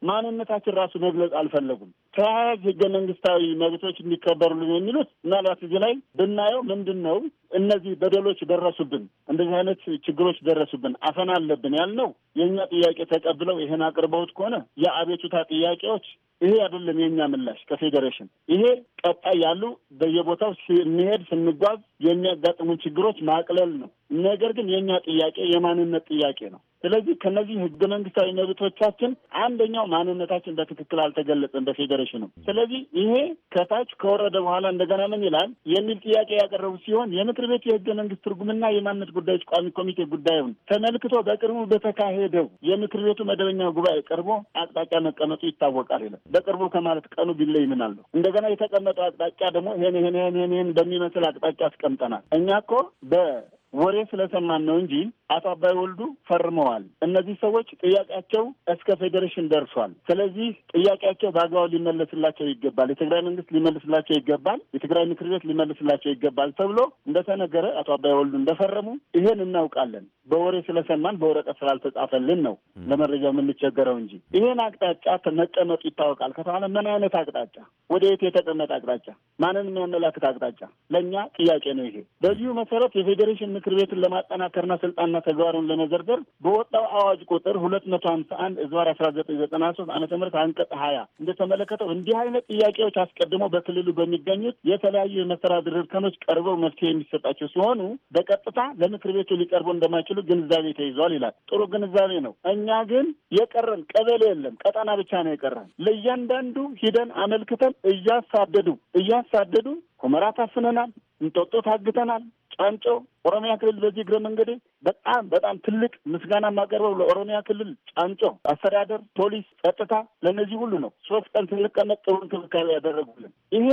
ማንነታችን ራሱ መግለጽ አልፈለጉም። ተያያዥ ህገ መንግስታዊ መብቶች እንዲከበሩልን የሚሉት ምናልባት እዚህ ላይ ብናየው ምንድን ነው እነዚህ በደሎች ደረሱብን፣ እንደዚህ አይነት ችግሮች ደረሱብን፣ አፈና አለብን ያልነው የእኛ ጥያቄ ተቀብለው ይህን አቅርበውት ከሆነ የአቤቱታ ጥያቄዎች ይሄ አይደለም የእኛ ምላሽ ከፌዴሬሽን ይሄ ቀጣይ ያሉ በየቦታው ስንሄድ ስንጓዝ የሚያጋጥሙን ችግሮች ማቅለል ነው። ነገር ግን የእኛ ጥያቄ የማንነት ጥያቄ ነው። ስለዚህ ከነዚህ ህገ መንግስታዊ መብቶቻችን አንደኛው ማንነታችን በትክክል አልተገለጸም በፌዴሬሽኑም። ስለዚህ ይሄ ከታች ከወረደ በኋላ እንደገና ምን ይላል የሚል ጥያቄ ያቀረቡ ሲሆን የምክር ቤት የህገ መንግስት ትርጉምና የማንነት ጉዳዮች ቋሚ ኮሚቴ ጉዳዩን ተመልክቶ በቅርቡ በተካሄደው የምክር ቤቱ መደበኛ ጉባኤ ቀርቦ አቅጣጫ መቀመጡ ይታወቃል ይላል። በቅርቡ ከማለት ቀኑ ቢለይ ምን እንደገና የተቀመጠው አቅጣጫ ደግሞ ይሄን ይሄን ይሄን ይሄን በሚመስል አቅጣጫ አስቀምጠናል። እኛ እኮ በወሬ ስለሰማን ነው እንጂ አቶ አባይ ወልዱ ፈርመዋል። እነዚህ ሰዎች ጥያቄያቸው እስከ ፌዴሬሽን ደርሷል። ስለዚህ ጥያቄያቸው በአግባቡ ሊመለስላቸው ይገባል። የትግራይ መንግስት ሊመልስላቸው ይገባል። የትግራይ ምክር ቤት ሊመልስላቸው ይገባል ተብሎ እንደተነገረ አቶ አባይ ወልዱ እንደፈረሙ ይሄን እናውቃለን። በወሬ ስለሰማን በወረቀት ስላልተጻፈልን ነው ለመረጃው የምንቸገረው እንጂ ይሄን አቅጣጫ መቀመጡ ይታወቃል ከተባለ ምን አይነት አቅጣጫ፣ ወደ የት የተቀመጠ አቅጣጫ፣ ማንን የሚያመላክት አቅጣጫ ለእኛ ጥያቄ ነው። ይሄ በዚሁ መሰረት የፌዴሬሽን ምክር ቤትን ለማጠናከርና ስልጣንና ተግባሩን ለመዘርዘር በወጣው አዋጅ ቁጥር ሁለት መቶ ሀምሳ አንድ እዝባር አስራ ዘጠኝ ዘጠና ሶስት አመተ ምህረት አንቀጽ ሀያ እንደተመለከተው እንዲህ አይነት ጥያቄዎች አስቀድሞ በክልሉ በሚገኙት የተለያዩ የመስተዳድር እርከኖች ቀርበው መፍትሄ የሚሰጣቸው ሲሆኑ በቀጥታ ለምክር ቤቱ ሊቀርቡ እንደማይችሉ ግንዛቤ ተይዟል ይላል። ጥሩ ግንዛቤ ነው። እኛ ግን የቀረን ቀበሌ የለም፣ ቀጠና ብቻ ነው የቀረን። ለእያንዳንዱ ሂደን አመልክተን እያሳደዱ እያሳደዱ ሁመራ ታፍነናል፣ እንጦጦ ታግተናል፣ ጫንጮ ኦሮሚያ ክልል በዚህ እግረ መንገዴ በጣም በጣም ትልቅ ምስጋና የማቀርበው ለኦሮሚያ ክልል ጫንጮ አስተዳደር፣ ፖሊስ፣ ጸጥታ ለእነዚህ ሁሉ ነው። ሶስት ቀን ስንቀመጥ ጥሩ እንክብካቤ ያደረጉልን ይሄ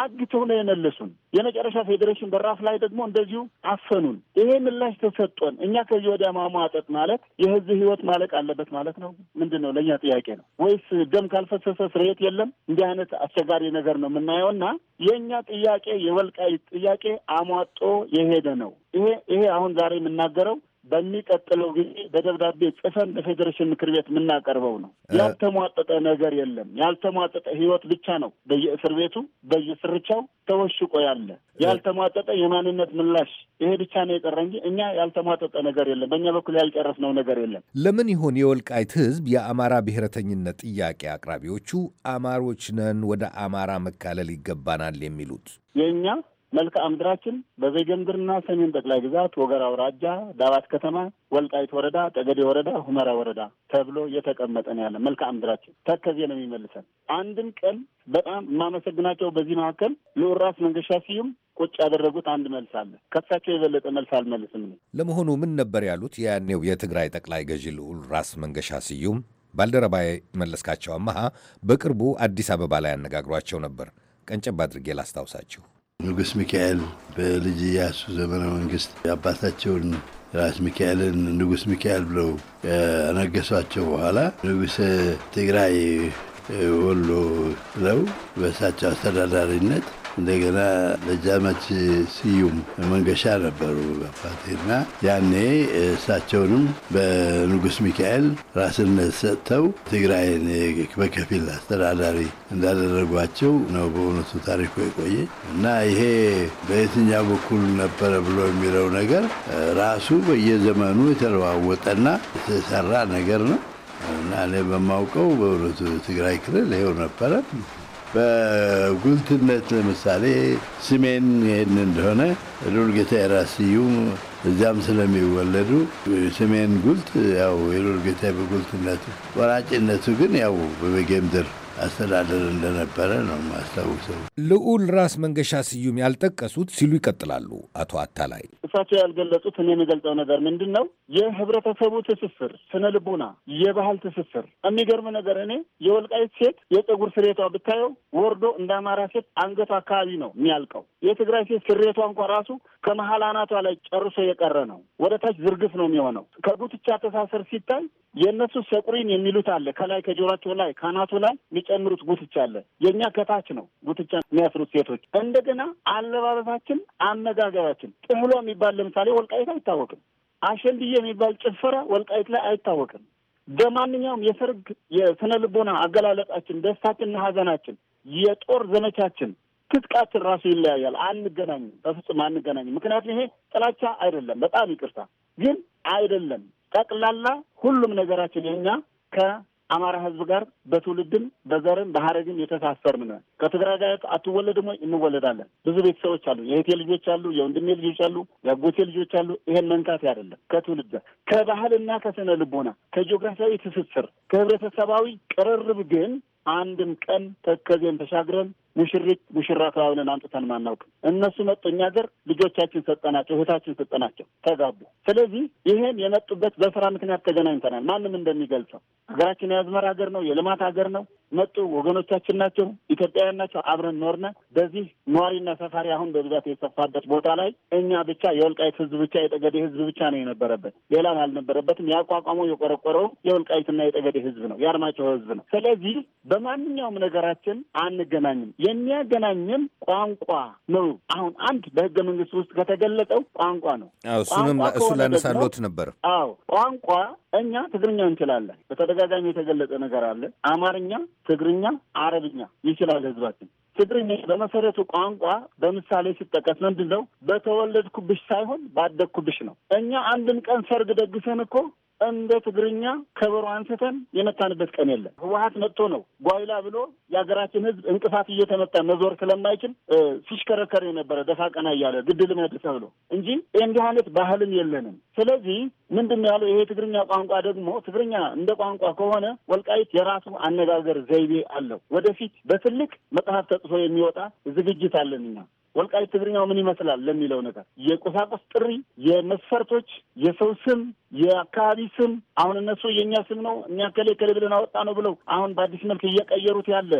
አግተው ነው የመለሱን። የመጨረሻ ፌዴሬሽን በራፍ ላይ ደግሞ እንደዚሁ አፈኑን። ይሄ ምላሽ ተሰጦን እኛ ከዚህ ወዲያ ማሟጠጥ ማለት የህዝብ ህይወት ማለቅ አለበት ማለት ነው። ምንድን ነው ለእኛ ጥያቄ ነው ወይስ ደም ካልፈሰሰ ስርየት የለም? እንዲህ አይነት አስቸጋሪ ነገር ነው የምናየው እና የእኛ ጥያቄ የወልቃይት ጥያቄ አሟጦ የሄደ ነው። ይሄ ይሄ አሁን ዛሬ የምናገረው በሚቀጥለው ጊዜ በደብዳቤ ጽፈን ለፌዴሬሽን ምክር ቤት የምናቀርበው ነው። ያልተሟጠጠ ነገር የለም። ያልተሟጠጠ ህይወት ብቻ ነው በየእስር ቤቱ በየስርቻው ተወሽቆ ያለ ያልተሟጠጠ የማንነት ምላሽ ይሄ ብቻ ነው የቀረ እንጂ እኛ ያልተሟጠጠ ነገር የለም። በእኛ በኩል ያልጨረስነው ነገር የለም። ለምን ይሆን የወልቃይት ህዝብ የአማራ ብሔረተኝነት ጥያቄ አቅራቢዎቹ አማሮች ነን፣ ወደ አማራ መካለል ይገባናል የሚሉት የእኛ መልክዓ ምድራችን በዘይጀንብርና ሰሜን ጠቅላይ ግዛት ወገራ አውራጃ፣ ዳባት ከተማ፣ ወልቃይት ወረዳ፣ ጠገዴ ወረዳ፣ ሁመራ ወረዳ ተብሎ እየተቀመጠ ነው ያለ መልክዓ ምድራችን። ተከዜ ነው የሚመልሰን። አንድም ቀን በጣም የማመሰግናቸው በዚህ መካከል ልዑል ራስ መንገሻ ስዩም ቁጭ ያደረጉት አንድ መልስ አለ። ከሳቸው የበለጠ መልስ አልመልስም። ለመሆኑ ምን ነበር ያሉት የያኔው የትግራይ ጠቅላይ ገዢ ልዑል ራስ መንገሻ ስዩም? ባልደረባዬ መለስካቸው አመሃ በቅርቡ አዲስ አበባ ላይ አነጋግሯቸው ነበር። ቀንጨብ አድርጌ ላስታውሳችሁ። ንጉስ ሚካኤል በልጅ ኢያሱ ዘመነ መንግስት አባታቸውን ራስ ሚካኤልን ንጉስ ሚካኤል ብለው ያነገሷቸው በኋላ ንጉሰ ትግራይ ወሎ ብለው በእሳቸው አስተዳዳሪነት እንደገና ደጃዝማች ስዩም መንገሻ ነበሩ አባቴና ያኔ እሳቸውንም በንጉስ ሚካኤል ራስነት ሰጥተው ትግራይን በከፊል አስተዳዳሪ እንዳደረጓቸው ነው በእውነቱ ታሪኩ የቆየ እና ይሄ በየትኛው በኩል ነበረ ብሎ የሚለው ነገር ራሱ በየዘመኑ የተለዋወጠና የተሰራ ነገር ነው እና እኔ በማውቀው በእውነቱ ትግራይ ክልል ይው ነበረ። በጉልትነት ለምሳሌ ስሜን ይሄን እንደሆነ ሉልጌታ የራስ እዚያም ስለሚወለዱ ስሜን ጉልት ያው የሉልጌታ በጉልትነቱ ወራጭነቱ ግን ያው በበጌምድር አስተዳደር እንደነበረ ነው ማስታውሰው። ልዑል ራስ መንገሻ ስዩም ያልጠቀሱት ሲሉ ይቀጥላሉ አቶ አታላይ። እሳቸው ያልገለጹት እኔ የሚገልጸው ነገር ምንድን ነው? የህብረተሰቡ ትስስር፣ ስነ ልቡና፣ የባህል ትስስር። የሚገርም ነገር እኔ የወልቃይት ሴት የፀጉር ስሬቷ ብታየው ወርዶ እንደ አማራ ሴት አንገቷ አካባቢ ነው የሚያልቀው። የትግራይ ሴት ስሬቷ እንኳ ራሱ ከመሀል አናቷ ላይ ጨርሶ የቀረ ነው። ወደ ታች ዝርግፍ ነው የሚሆነው። ከጉትቻ ተሳሰር ሲታይ የእነሱ ሰቁሪን የሚሉት አለ ከላይ ከጆሯቸው ላይ ከአናቱ ላይ የሚጨምሩት ጉትቻ አለ። የእኛ ከታች ነው ጉትቻ የሚያስሩት ሴቶች። እንደገና አለባበሳችን፣ አመጋገባችን ጥምሎ የሚባል ለምሳሌ ወልቃይት አይታወቅም። አሸንድዬ የሚባል ጭፈራ ወልቃይት ላይ አይታወቅም። በማንኛውም የሰርግ የስነ ልቦና አገላለጻችን፣ ደስታችንና ሀዘናችን፣ የጦር ዘመቻችን ትጥቃችን ራሱ ይለያያል። አንገናኝም፣ በፍጹም አንገናኝም። ምክንያቱም ይሄ ጥላቻ አይደለም፣ በጣም ይቅርታ ግን አይደለም። ጠቅላላ ሁሉም ነገራችን የኛ ከ አማራ ህዝብ ጋር በትውልድም በዘርም በሀረግም የተሳሰርን ነን። ከትግራይ ጋር አትወለድም ወይ? እንወለዳለን። ብዙ ቤተሰቦች አሉ። የእህቴ ልጆች አሉ፣ የወንድሜ ልጆች አሉ፣ የአጎቴ ልጆች አሉ። ይሄን መንካት አይደለም። ከትውልድ ጋር ከባህልና ከስነ ልቦና ከጂኦግራፊያዊ ትስስር ከህብረተሰባዊ ቅርርብ ግን አንድም ቀን ተከዜን ተሻግረን ሙሽሪት ሙሽራ ተባብለን አምጥተን ማናውቅ። እነሱ መጡ፣ እኛ ሀገር ልጆቻችን ሰጠናቸው፣ እህታችን ሰጠናቸው፣ ተጋቡ። ስለዚህ ይሄን የመጡበት በስራ ምክንያት ተገናኝተናል። ማንም እንደሚገልጸው ሀገራችን የአዝመራ ሀገር ነው፣ የልማት ሀገር ነው። መጡ ወገኖቻችን ናቸው፣ ኢትዮጵያውያን ናቸው። አብረን ኖርነ። በዚህ ነዋሪና ሰፋሪ አሁን በብዛት የሰፋበት ቦታ ላይ እኛ ብቻ የወልቃይት ህዝብ ብቻ የጠገዴ ህዝብ ብቻ ነው የነበረበት፣ ሌላም አልነበረበትም። ያቋቋመው የቆረቆረው የወልቃይትና የጠገዴ ህዝብ ነው፣ የአርማጭሆ ህዝብ ነው። ስለዚህ በማንኛውም ነገራችን አንገናኝም። የሚያገናኝም ቋንቋ ነው። አሁን አንድ በህገ መንግስት ውስጥ ከተገለጠው ቋንቋ ነው። እሱንም እሱ ላነሳሎት ነበር። አዎ ቋንቋ እኛ ትግርኛ እንችላለን። በተደጋጋሚ የተገለጸ ነገር አለ። አማርኛ፣ ትግርኛ፣ አረብኛ ይችላል ህዝባችን። ትግርኛ በመሰረቱ ቋንቋ በምሳሌ ሲጠቀስ ምንድን ነው? በተወለድኩብሽ ሳይሆን ባደግኩብሽ ነው። እኛ አንድን ቀን ሰርግ ደግሰን እኮ እንደ ትግርኛ ከበሮ አንስተን የመታንበት ቀን የለም። ህወሀት መጥቶ ነው ጓይላ ብሎ የሀገራችን ህዝብ እንቅፋት እየተመታ መዞር ስለማይችል ሲሽከረከር የነበረ ደፋ ቀና እያለ ግድል መድ ተብሎ እንጂ እንዲህ አይነት ባህልም የለንም። ስለዚህ ምንድን ያለው ይሄ ትግርኛ ቋንቋ ደግሞ ትግርኛ እንደ ቋንቋ ከሆነ ወልቃይት የራሱ አነጋገር ዘይቤ አለው። ወደፊት በትልቅ መጽሐፍ ተጽፎ የሚወጣ ዝግጅት አለን እኛ ወልቃይ ትግርኛው ምን ይመስላል ለሚለው ነገር የቁሳቁስ ጥሪ፣ የመስፈርቶች፣ የሰው ስም፣ የአካባቢ ስም አሁን እነሱ የእኛ ስም ነው እኛ ከሌ ከሌ ብለን አወጣ ነው ብለው አሁን በአዲስ መልክ እየቀየሩት ያለ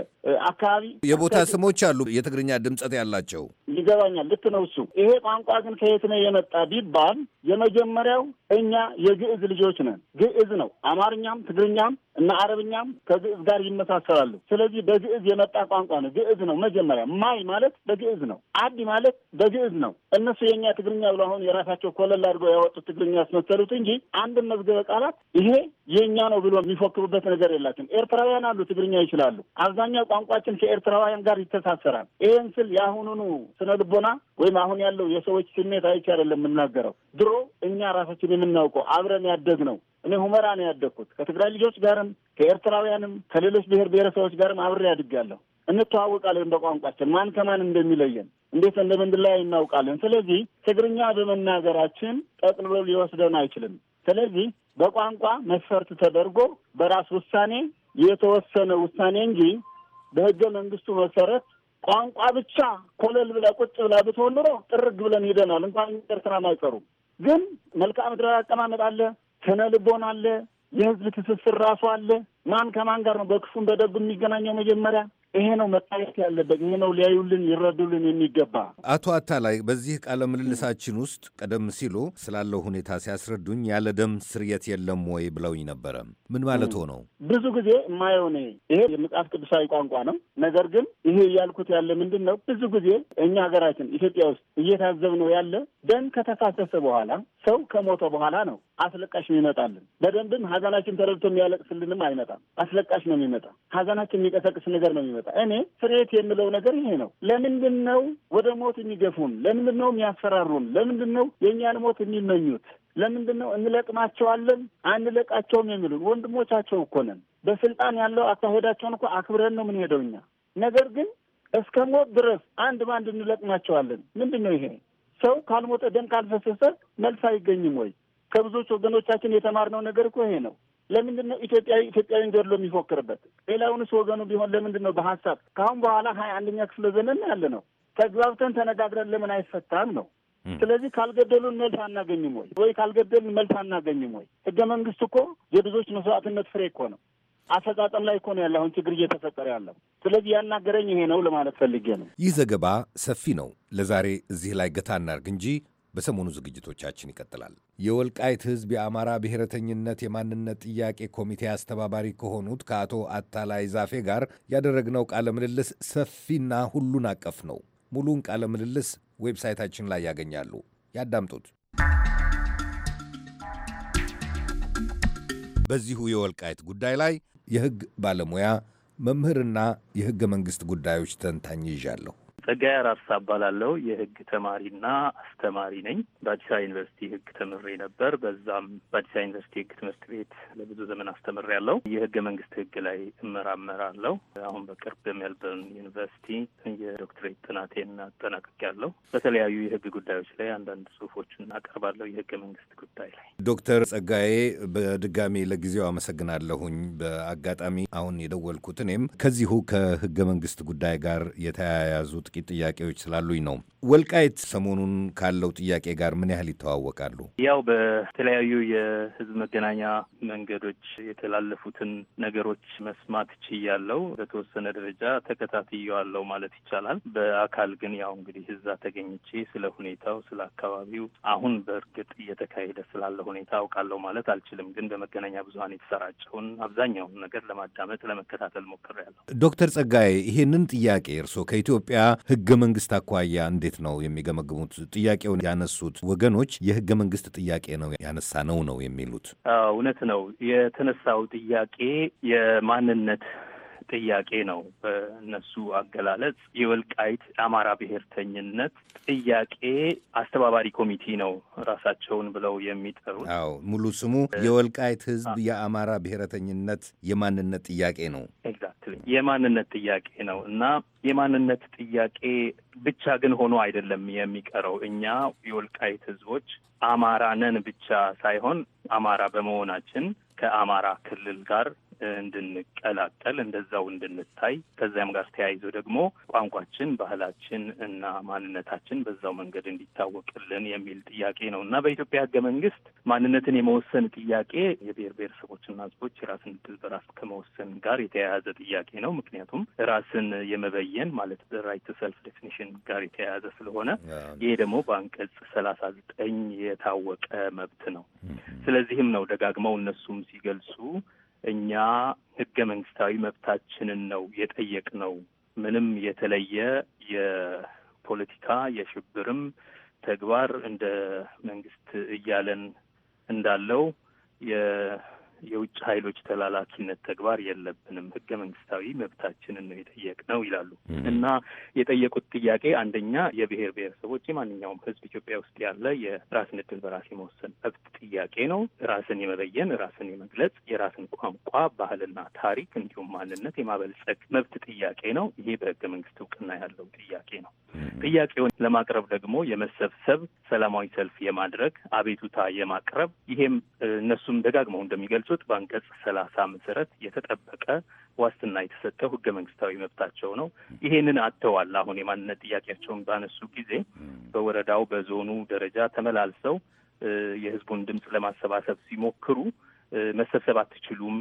አካባቢ የቦታ ስሞች አሉ የትግርኛ ድምጸት ያላቸው ይገባኛል። ልክ ነው እሱ። ይሄ ቋንቋ ግን ከየት ነው የመጣ ቢባል የመጀመሪያው እኛ የግዕዝ ልጆች ነን። ግዕዝ ነው አማርኛም ትግርኛም እና አረብኛም ከግዕዝ ጋር ይመሳሰላሉ። ስለዚህ በግዕዝ የመጣ ቋንቋ ነው። ግዕዝ ነው መጀመሪያ። ማይ ማለት በግዕዝ ነው። አዲ ማለት በግዕዝ ነው። እነሱ የእኛ ትግርኛ ብሎ አሁን የራሳቸው ኮለል አድርገው ያወጡት ትግርኛ ያስመሰሉት እንጂ አንድን መዝገበ ቃላት ይሄ የእኛ ነው ብሎ የሚፎክሩበት ነገር የላትም። ኤርትራውያን አሉ፣ ትግርኛ ይችላሉ። አብዛኛው ቋንቋችን ከኤርትራውያን ጋር ይተሳሰራል። ይህን ስል የአሁኑኑ ስነ ልቦና ወይም አሁን ያለው የሰዎች ስሜት አይቼ አይደለም የምናገረው። ድሮ እኛ ራሳችን የምናውቀው አብረን ያደግ ነው። እኔ ሁመራ ነው ያደግኩት። ከትግራይ ልጆች ጋርም ከኤርትራውያንም ከሌሎች ብሔር ብሔረሰቦች ጋርም አብሬ አድጌያለሁ። እንተዋወቃለን በቋንቋችን ማን ከማን እንደሚለየን እንዴት እንደምንድላይ እናውቃለን። ስለዚህ ትግርኛ በመናገራችን ጠቅልሎ ሊወስደን አይችልም። ስለዚህ በቋንቋ መስፈርት ተደርጎ በራስ ውሳኔ የተወሰነ ውሳኔ እንጂ በህገ መንግስቱ መሰረት ቋንቋ ብቻ ኮለል ብላ ቁጭ ብላ ብትሆን ኑሮ ጥርግ ብለን ሄደናል። እንኳን ኤርትራም አይቀሩም። ግን መልክዓ ምድራዊ አቀማመጥ አለ፣ ስነ ልቦና አለ፣ የህዝብ ትስስር ራሱ አለ። ማን ከማን ጋር ነው በክፉን በደጉ የሚገናኘው መጀመሪያ ይሄ ነው መታየት ያለበት። ይሄ ነው ሊያዩልን ሊረዱልን የሚገባ። አቶ አታላይ በዚህ ቃለ ምልልሳችን ውስጥ ቀደም ሲሉ ስላለው ሁኔታ ሲያስረዱኝ ያለ ደም ስርየት የለም ወይ ብለውኝ ነበረ። ምን ማለት ነው? ብዙ ጊዜ የማየሆነ ይሄ የመጽሐፍ ቅዱሳዊ ቋንቋ ነው። ነገር ግን ይሄ እያልኩት ያለ ምንድን ነው፣ ብዙ ጊዜ እኛ ሀገራችን ኢትዮጵያ ውስጥ እየታዘብነው ያለ ደም ከተፋሰሰ በኋላ ሰው ከሞተ በኋላ ነው አስለቃሽ ይመጣልን። በደንብም ሀዘናችን ተረድቶ የሚያለቅስልንም አይመጣም። አስለቃሽ ነው የሚመጣ። ሀዘናችን የሚቀሰቅስ ነገር ነው የሚመጣ የሚያመጣ እኔ ፍሬት የምለው ነገር ይሄ ነው። ለምንድን ነው ወደ ሞት የሚገፉን? ለምንድን ነው የሚያስፈራሩን? ለምንድን ነው የእኛን ሞት የሚመኙት? ለምንድን ነው እንለቅማቸዋለን አንለቃቸውም የሚሉን? ወንድሞቻቸው እኮ ነን። በስልጣን ያለው አካሄዳቸውን እኮ አክብረን ነው የምንሄደው እኛ። ነገር ግን እስከ ሞት ድረስ አንድ ባንድ እንለቅማቸዋለን። ምንድን ነው ይሄ? ሰው ካልሞጠ ደም ካልፈሰሰ መልስ አይገኝም ወይ? ከብዙዎች ወገኖቻችን የተማርነው ነገር እኮ ይሄ ነው። ለምንድን ነው ኢትዮጵያዊ ኢትዮጵያዊን ገድሎ የሚፎክርበት? ሌላውንስ ወገኑ ቢሆን ለምንድን ነው በሀሳብ ከአሁን በኋላ ሀያ አንደኛ ክፍለ ዘመን ያለ ነው። ተግባብተን ተነጋግረን ለምን አይፈታም ነው። ስለዚህ ካልገደሉን መልስ አናገኝም ወይ ወይ ካልገደሉን መልስ አናገኝም ወይ? ህገ መንግስት እኮ የብዙዎች መስዋዕትነት ፍሬ እኮ ነው። አፈጻጸም ላይ እኮ ነው ያለ አሁን ችግር እየተፈጠረ ያለው። ስለዚህ ያናገረኝ ይሄ ነው ለማለት ፈልጌ ነው። ይህ ዘገባ ሰፊ ነው። ለዛሬ እዚህ ላይ ገታ እናርግ እንጂ በሰሞኑ ዝግጅቶቻችን ይቀጥላል። የወልቃይት ሕዝብ የአማራ ብሔረተኝነት የማንነት ጥያቄ ኮሚቴ አስተባባሪ ከሆኑት ከአቶ አታላይ ዛፌ ጋር ያደረግነው ቃለ ምልልስ ሰፊና ሁሉን አቀፍ ነው። ሙሉን ቃለ ምልልስ ዌብሳይታችን ላይ ያገኛሉ። ያዳምጡት። በዚሁ የወልቃይት ጉዳይ ላይ የሕግ ባለሙያ መምህርና የሕገ መንግሥት ጉዳዮች ተንታኝ ይዣለሁ። ጸጋዬ አራርሳ እባላለሁ። የህግ ተማሪና አስተማሪ ነኝ። በአዲስ አበባ ዩኒቨርሲቲ ህግ ተምሬ ነበር። በዛም በአዲስ አበባ ዩኒቨርሲቲ ህግ ትምህርት ቤት ለብዙ ዘመን ያለው የህገ መንግስት ህግ ላይ እመራመራለሁ። አሁን በቅርብ በሜልበርን ዩኒቨርሲቲ የዶክትሬት ጥናቴን ያለው በተለያዩ የህግ ጉዳዮች ላይ አንዳንድ ጽሁፎችን አቀርባለሁ። የህገ መንግስት ጉዳይ ላይ ዶክተር ጸጋዬ በድጋሚ ለጊዜው አመሰግናለሁኝ። በአጋጣሚ አሁን የደወልኩት እኔም ከዚሁ ከህገ መንግስት ጉዳይ ጋር የተያያዙት ጥቂት ጥያቄዎች ስላሉኝ ነው። ወልቃይት ሰሞኑን ካለው ጥያቄ ጋር ምን ያህል ይተዋወቃሉ? ያው በተለያዩ የህዝብ መገናኛ መንገዶች የተላለፉትን ነገሮች መስማት ችያለው። በተወሰነ ደረጃ ተከታትየዋለው ማለት ይቻላል። በአካል ግን ያው እንግዲህ እዛ ተገኝቼ ስለ ሁኔታው፣ ስለ አካባቢው አሁን በእርግጥ እየተካሄደ ስላለ ሁኔታ አውቃለሁ ማለት አልችልም። ግን በመገናኛ ብዙሀን የተሰራጨውን አብዛኛውን ነገር ለማዳመጥ ለመከታተል ሞክሬያለሁ። ዶክተር ጸጋዬ ይሄንን ጥያቄ እርስዎ ከኢትዮጵያ ህገ መንግስት አኳያ እንዴት ነው የሚገመግሙት? ጥያቄውን ያነሱት ወገኖች የህገ መንግስት ጥያቄ ነው ያነሳ ነው ነው የሚሉት እውነት ነው የተነሳው ጥያቄ የማንነት ጥያቄ ነው። በእነሱ አገላለጽ የወልቃይት አማራ ብሔርተኝነት ጥያቄ አስተባባሪ ኮሚቴ ነው ራሳቸውን ብለው የሚጠሩት። አዎ ሙሉ ስሙ የወልቃይት ሕዝብ የአማራ ብሔረተኝነት የማንነት ጥያቄ ነው። ኤግዛክትሊ የማንነት ጥያቄ ነው እና የማንነት ጥያቄ ብቻ ግን ሆኖ አይደለም የሚቀረው። እኛ የወልቃይት ሕዝቦች አማራ ነን ብቻ ሳይሆን አማራ በመሆናችን ከአማራ ክልል ጋር እንድንቀላቀል እንደዛው እንድንታይ ከዚያም ጋር ተያይዞ ደግሞ ቋንቋችን፣ ባህላችን እና ማንነታችን በዛው መንገድ እንዲታወቅልን የሚል ጥያቄ ነው እና በኢትዮጵያ ህገ መንግስት ማንነትን የመወሰን ጥያቄ የብሔር ብሔረሰቦችና ህዝቦች የራስን ዕድል በራስ ከመወሰን ጋር የተያያዘ ጥያቄ ነው። ምክንያቱም ራስን የመበየን ማለት ራይት ሰልፍ ዴፊኒሽን ጋር የተያያዘ ስለሆነ ይሄ ደግሞ በአንቀጽ ሰላሳ ዘጠኝ የታወቀ መብት ነው። ስለዚህም ነው ደጋግመው እነሱም ሲገልጹ እኛ ህገ መንግስታዊ መብታችንን ነው የጠየቅ ነው። ምንም የተለየ የፖለቲካ የሽብርም ተግባር እንደ መንግስት እያለን እንዳለው የውጭ ኃይሎች ተላላኪነት ተግባር የለብንም፣ ህገ መንግስታዊ መብታችንን ነው የጠየቅነው ይላሉ እና የጠየቁት ጥያቄ አንደኛ የብሔር ብሔረሰቦች የማንኛውም ህዝብ ኢትዮጵያ ውስጥ ያለ የራስን እድል በራስ የመወሰን መብት ጥያቄ ነው። ራስን የመበየን ራስን የመግለጽ የራስን ቋንቋ ባህልና ታሪክ እንዲሁም ማንነት የማበልጸግ መብት ጥያቄ ነው። ይሄ በህገ መንግስት እውቅና ያለው ጥያቄ ነው። ጥያቄውን ለማቅረብ ደግሞ የመሰብሰብ ሰላማዊ ሰልፍ የማድረግ አቤቱታ የማቅረብ ይሄም እነሱም ደጋግመው እንደሚገልጹ የሚያነሱት በአንቀጽ ሰላሳ መሰረት የተጠበቀ ዋስትና የተሰጠው ህገ መንግስታዊ መብታቸው ነው። ይሄንን አጥተዋል። አሁን የማንነት ጥያቄያቸውን ባነሱ ጊዜ በወረዳው በዞኑ ደረጃ ተመላልሰው የህዝቡን ድምፅ ለማሰባሰብ ሲሞክሩ መሰብሰብ አትችሉም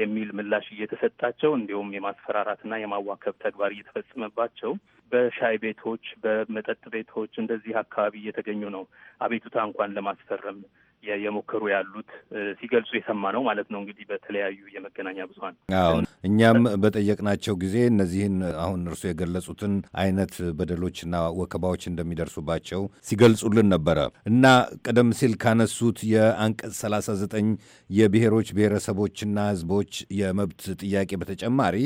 የሚል ምላሽ እየተሰጣቸው እንዲሁም የማስፈራራትና የማዋከብ ተግባር እየተፈጸመባቸው በሻይ ቤቶች፣ በመጠጥ ቤቶች እንደዚህ አካባቢ እየተገኙ ነው አቤቱታ እንኳን ለማስፈረም የሞከሩ ያሉት ሲገልጹ የሰማ ነው ማለት ነው። እንግዲህ በተለያዩ የመገናኛ ብዙኃን አዎ፣ እኛም በጠየቅናቸው ጊዜ እነዚህን አሁን እርሱ የገለጹትን አይነት በደሎችና ወከባዎች እንደሚደርሱባቸው ሲገልጹልን ነበረ እና ቀደም ሲል ካነሱት የአንቀጽ 39 የብሔሮች ብሔረሰቦችና ሕዝቦች የመብት ጥያቄ በተጨማሪ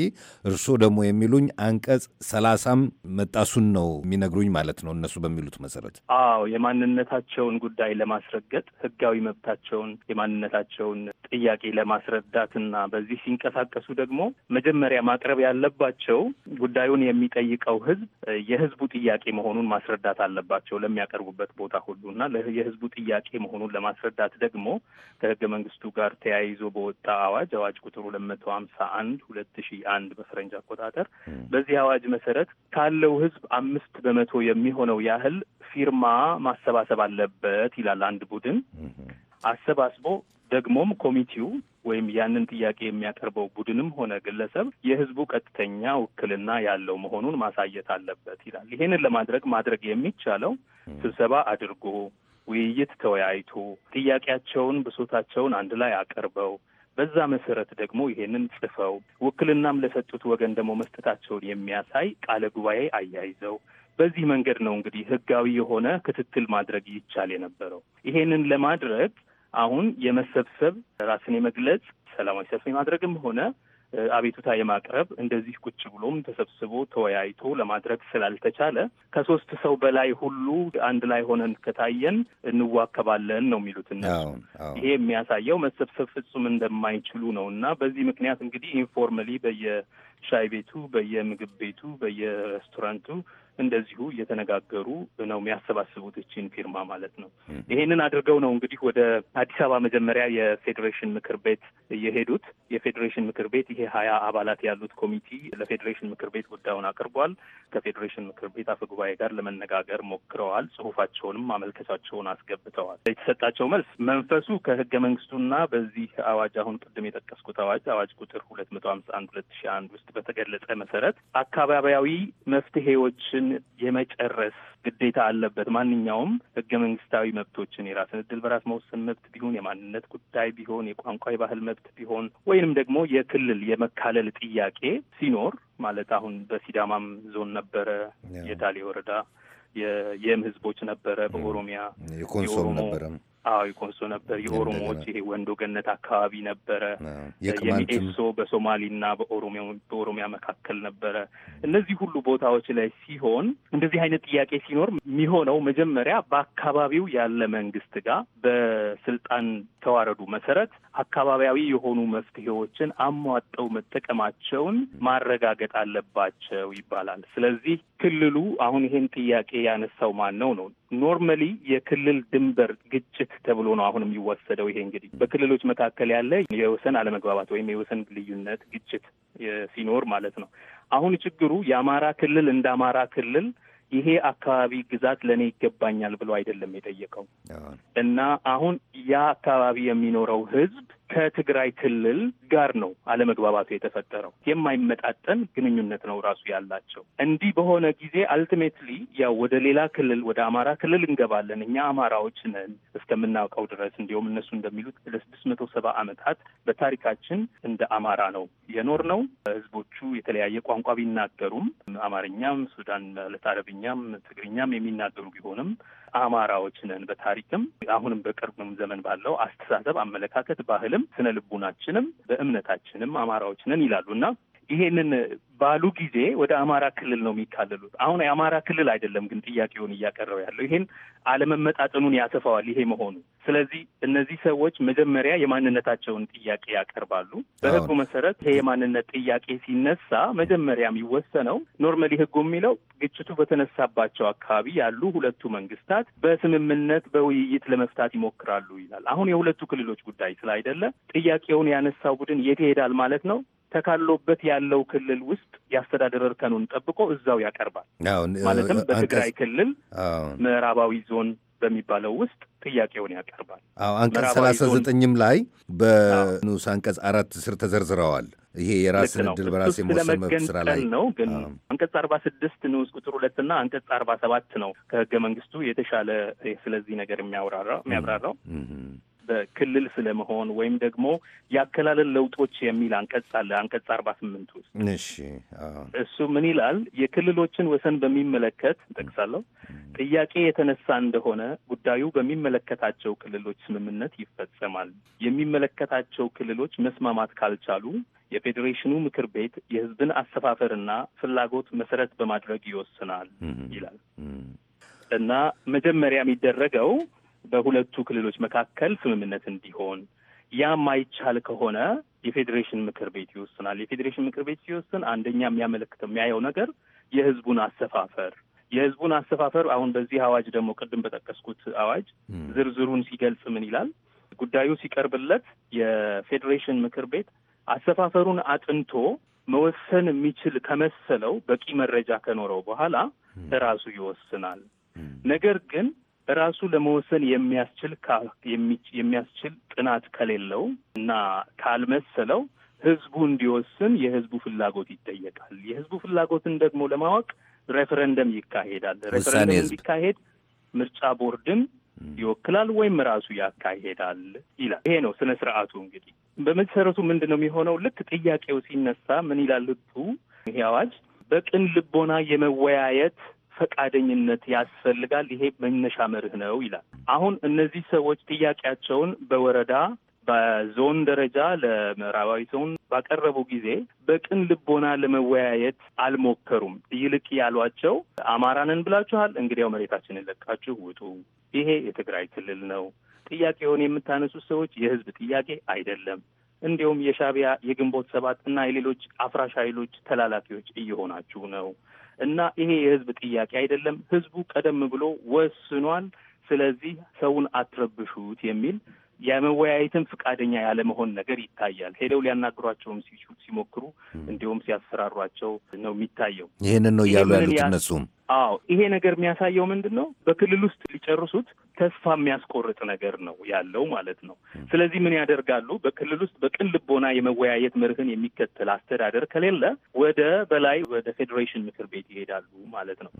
እርሶ ደግሞ የሚሉኝ አንቀጽ ሰላሳም መጣሱን ነው የሚነግሩኝ ማለት ነው እነሱ በሚሉት መሰረት። አዎ የማንነታቸውን ጉዳይ ለማስረገጥ ህጋ ሕጋዊ መብታቸውን የማንነታቸውን ጥያቄ ለማስረዳትና በዚህ ሲንቀሳቀሱ ደግሞ መጀመሪያ ማቅረብ ያለባቸው ጉዳዩን የሚጠይቀው ህዝብ የህዝቡ ጥያቄ መሆኑን ማስረዳት አለባቸው ለሚያቀርቡበት ቦታ ሁሉ እና የህዝቡ ጥያቄ መሆኑን ለማስረዳት ደግሞ ከህገ መንግስቱ ጋር ተያይዞ በወጣ አዋጅ አዋጅ ቁጥር ሁለት መቶ ሀምሳ አንድ ሁለት ሺ አንድ በፈረንጅ አቆጣጠር በዚህ አዋጅ መሰረት ካለው ህዝብ አምስት በመቶ የሚሆነው ያህል ፊርማ ማሰባሰብ አለበት ይላል አንድ ቡድን አሰባስቦ ደግሞም ኮሚቴው ወይም ያንን ጥያቄ የሚያቀርበው ቡድንም ሆነ ግለሰብ የህዝቡ ቀጥተኛ ውክልና ያለው መሆኑን ማሳየት አለበት ይላል። ይሄንን ለማድረግ ማድረግ የሚቻለው ስብሰባ አድርጎ ውይይት ተወያይቶ ጥያቄያቸውን፣ ብሶታቸውን አንድ ላይ አቀርበው በዛ መሰረት ደግሞ ይሄንን ጽፈው ውክልናም ለሰጡት ወገን ደግሞ መስጠታቸውን የሚያሳይ ቃለ ጉባኤ አያይዘው በዚህ መንገድ ነው እንግዲህ ህጋዊ የሆነ ክትትል ማድረግ ይቻል የነበረው። ይሄንን ለማድረግ አሁን የመሰብሰብ ራስን የመግለጽ ሰላማዊ ሰልፍ የማድረግም ሆነ አቤቱታ የማቅረብ እንደዚህ ቁጭ ብሎም ተሰብስቦ ተወያይቶ ለማድረግ ስላልተቻለ ከሶስት ሰው በላይ ሁሉ አንድ ላይ ሆነን ከታየን እንዋከባለን ነው የሚሉት እነሱ። ይሄ የሚያሳየው መሰብሰብ ፍጹም እንደማይችሉ ነው። እና በዚህ ምክንያት እንግዲህ ኢንፎርመሊ በየሻይ ቤቱ፣ በየምግብ ቤቱ፣ በየሬስቶራንቱ እንደዚሁ እየተነጋገሩ ነው የሚያሰባስቡት እችን ፊርማ ማለት ነው። ይሄንን አድርገው ነው እንግዲህ ወደ አዲስ አበባ መጀመሪያ የፌዴሬሽን ምክር ቤት የሄዱት። የፌዴሬሽን ምክር ቤት ይሄ ሀያ አባላት ያሉት ኮሚቲ ለፌዴሬሽን ምክር ቤት ጉዳዩን አቅርቧል። ከፌዴሬሽን ምክር ቤት አፈ ጉባኤ ጋር ለመነጋገር ሞክረዋል። ጽሁፋቸውንም አመልከቻቸውን አስገብተዋል። የተሰጣቸው መልስ መንፈሱ ከህገ መንግስቱና በዚህ አዋጅ አሁን ቅድም የጠቀስኩት አዋጅ አዋጅ ቁጥር ሁለት መቶ ሀምሳ አንድ ሁለት ሺ አንድ ውስጥ በተገለጸ መሰረት አካባቢያዊ መፍትሄዎችን የመጨረስ ግዴታ አለበት። ማንኛውም ህገ መንግስታዊ መብቶችን የራስን እድል በራስ መወሰን መብት ቢሆን፣ የማንነት ጉዳይ ቢሆን፣ የቋንቋ የባህል መብት ቢሆን ወይንም ደግሞ የክልል የመካለል ጥያቄ ሲኖር ማለት አሁን በሲዳማም ዞን ነበረ፣ የታሌ ወረዳ የየም ህዝቦች ነበረ፣ በኦሮሚያ የኮንሶም ነበረ አዎ ይኮሶ ነበር። የኦሮሞዎች ይሄ ወንዶ ገነት አካባቢ ነበረ። የሚኤሶ በሶማሌና በኦሮሚያ መካከል ነበረ። እነዚህ ሁሉ ቦታዎች ላይ ሲሆን እንደዚህ አይነት ጥያቄ ሲኖር የሚሆነው መጀመሪያ በአካባቢው ያለ መንግስት ጋር በስልጣን ተዋረዱ መሰረት አካባቢያዊ የሆኑ መፍትሄዎችን አሟጠው መጠቀማቸውን ማረጋገጥ አለባቸው ይባላል። ስለዚህ ክልሉ አሁን ይሄን ጥያቄ ያነሳው ማን ነው ነው ኖርማሊ የክልል ድንበር ግጭት ተብሎ ነው አሁን የሚወሰደው። ይሄ እንግዲህ በክልሎች መካከል ያለ የወሰን አለመግባባት ወይም የወሰን ልዩነት ግጭት ሲኖር ማለት ነው። አሁን ችግሩ የአማራ ክልል እንደ አማራ ክልል ይሄ አካባቢ ግዛት ለእኔ ይገባኛል ብሎ አይደለም የጠየቀው እና አሁን ያ አካባቢ የሚኖረው ህዝብ ከትግራይ ክልል ጋር ነው አለመግባባቱ የተፈጠረው። የማይመጣጠን ግንኙነት ነው ራሱ ያላቸው። እንዲህ በሆነ ጊዜ አልቲሜትሊ ያው ወደ ሌላ ክልል ወደ አማራ ክልል እንገባለን። እኛ አማራዎች ነን እስከምናውቀው ድረስ እንዲሁም እነሱ እንደሚሉት ለስድስት መቶ ሰባ ዓመታት በታሪካችን እንደ አማራ ነው የኖር ነው። ህዝቦቹ የተለያየ ቋንቋ ቢናገሩም አማርኛም፣ ሱዳን ማለት አረብኛም፣ ትግርኛም የሚናገሩ ቢሆንም አማራዎች ነን በታሪክም አሁንም በቅርብም ዘመን ባለው አስተሳሰብ፣ አመለካከት፣ ባህልም ባህላችንም ስነ ልቡናችንም በእምነታችንም አማራዎች ነን ይላሉ እና ይሄንን ባሉ ጊዜ ወደ አማራ ክልል ነው የሚካለሉት። አሁን የአማራ ክልል አይደለም ግን ጥያቄውን እያቀረበ ያለው ይሄን አለመመጣጠኑን ያሰፋዋል ይሄ መሆኑ። ስለዚህ እነዚህ ሰዎች መጀመሪያ የማንነታቸውን ጥያቄ ያቀርባሉ። በህጉ መሰረት ይሄ የማንነት ጥያቄ ሲነሳ መጀመሪያ የሚወሰነው ኖርማሊ ህጉ የሚለው ግጭቱ በተነሳባቸው አካባቢ ያሉ ሁለቱ መንግስታት በስምምነት በውይይት ለመፍታት ይሞክራሉ ይላል። አሁን የሁለቱ ክልሎች ጉዳይ ስለ አይደለ ጥያቄውን ያነሳው ቡድን የት ይሄዳል ማለት ነው ተካሎበት ያለው ክልል ውስጥ የአስተዳደር እርከኑን ጠብቆ እዛው ያቀርባል። ማለትም በትግራይ ክልል ምዕራባዊ ዞን በሚባለው ውስጥ ጥያቄውን ያቀርባል። አዎ አንቀጽ ሰላሳ ዘጠኝም ላይ በንዑስ አንቀጽ አራት ስር ተዘርዝረዋል። ይሄ የራስን ዕድል በራስ የመወሰን መብት ስራ ላይ ነው። ግን አንቀጽ አርባ ስድስት ንዑስ ቁጥር ሁለት ሁለትና አንቀጽ አርባ ሰባት ነው ከህገ መንግስቱ የተሻለ ስለዚህ ነገር የሚያብራራው በክልል ስለመሆን ወይም ደግሞ ያከላለል ለውጦች የሚል አንቀጽ አለ አንቀጽ አርባ ስምንት ውስጥ እሺ እሱ ምን ይላል? የክልሎችን ወሰን በሚመለከት ጠቅሳለሁ ጥያቄ የተነሳ እንደሆነ ጉዳዩ በሚመለከታቸው ክልሎች ስምምነት ይፈጸማል። የሚመለከታቸው ክልሎች መስማማት ካልቻሉ የፌዴሬሽኑ ምክር ቤት የህዝብን አሰፋፈርና ፍላጎት መሰረት በማድረግ ይወስናል ይላል እና መጀመሪያ የሚደረገው በሁለቱ ክልሎች መካከል ስምምነት እንዲሆን ያ ማይቻል ከሆነ የፌዴሬሽን ምክር ቤት ይወስናል። የፌዴሬሽን ምክር ቤት ሲወስን አንደኛ የሚያመለክተው የሚያየው ነገር የህዝቡን አሰፋፈር የህዝቡን አሰፋፈር አሁን በዚህ አዋጅ ደግሞ ቅድም በጠቀስኩት አዋጅ ዝርዝሩን ሲገልጽ ምን ይላል? ጉዳዩ ሲቀርብለት የፌዴሬሽን ምክር ቤት አሰፋፈሩን አጥንቶ መወሰን የሚችል ከመሰለው በቂ መረጃ ከኖረው በኋላ ራሱ ይወስናል። ነገር ግን ራሱ ለመወሰን የሚያስችል የሚያስችል ጥናት ከሌለው እና ካልመሰለው ህዝቡ እንዲወስን የህዝቡ ፍላጎት ይጠየቃል። የህዝቡ ፍላጎትን ደግሞ ለማወቅ ሬፈረንደም ይካሄዳል። ሬፈረንደም እንዲካሄድ ምርጫ ቦርድን ይወክላል ወይም ራሱ ያካሄዳል ይላል። ይሄ ነው ስነ ስርዓቱ። እንግዲህ በመሰረቱ ምንድን ነው የሚሆነው? ልክ ጥያቄው ሲነሳ ምን ይላል ህጉ? ይሄ አዋጅ በቅን ልቦና የመወያየት ፈቃደኝነት ያስፈልጋል። ይሄ መነሻ መርህ ነው ይላል። አሁን እነዚህ ሰዎች ጥያቄያቸውን በወረዳ በዞን ደረጃ ለምዕራባዊ ዞን ባቀረቡ ጊዜ በቅን ልቦና ለመወያየት አልሞከሩም። ይልቅ ያሏቸው አማራንን ብላችኋል፣ እንግዲያው መሬታችንን ለቃችሁ ውጡ። ይሄ የትግራይ ክልል ነው። ጥያቄውን የምታነሱት ሰዎች የህዝብ ጥያቄ አይደለም። እንዲሁም የሻቢያ የግንቦት ሰባት እና የሌሎች አፍራሽ ኃይሎች ተላላፊዎች እየሆናችሁ ነው። እና ይሄ የህዝብ ጥያቄ አይደለም። ህዝቡ ቀደም ብሎ ወስኗል። ስለዚህ ሰውን አትረብሹት የሚል የመወያየትን ፈቃደኛ ያለመሆን ነገር ይታያል። ሄደው ሊያናግሯቸውም ሲሞክሩ እንዲሁም ሲያስፈራሯቸው ነው የሚታየው። ይህንን ነው እያሉ ያሉት እነሱም አዎ ይሄ ነገር የሚያሳየው ምንድን ነው? በክልል ውስጥ ሊጨርሱት ተስፋ የሚያስቆርጥ ነገር ነው ያለው ማለት ነው። ስለዚህ ምን ያደርጋሉ? በክልል ውስጥ በቅን ልቦና የመወያየት መርህን የሚከተል አስተዳደር ከሌለ ወደ በላይ ወደ ፌዴሬሽን ምክር ቤት ይሄዳሉ ማለት ነው።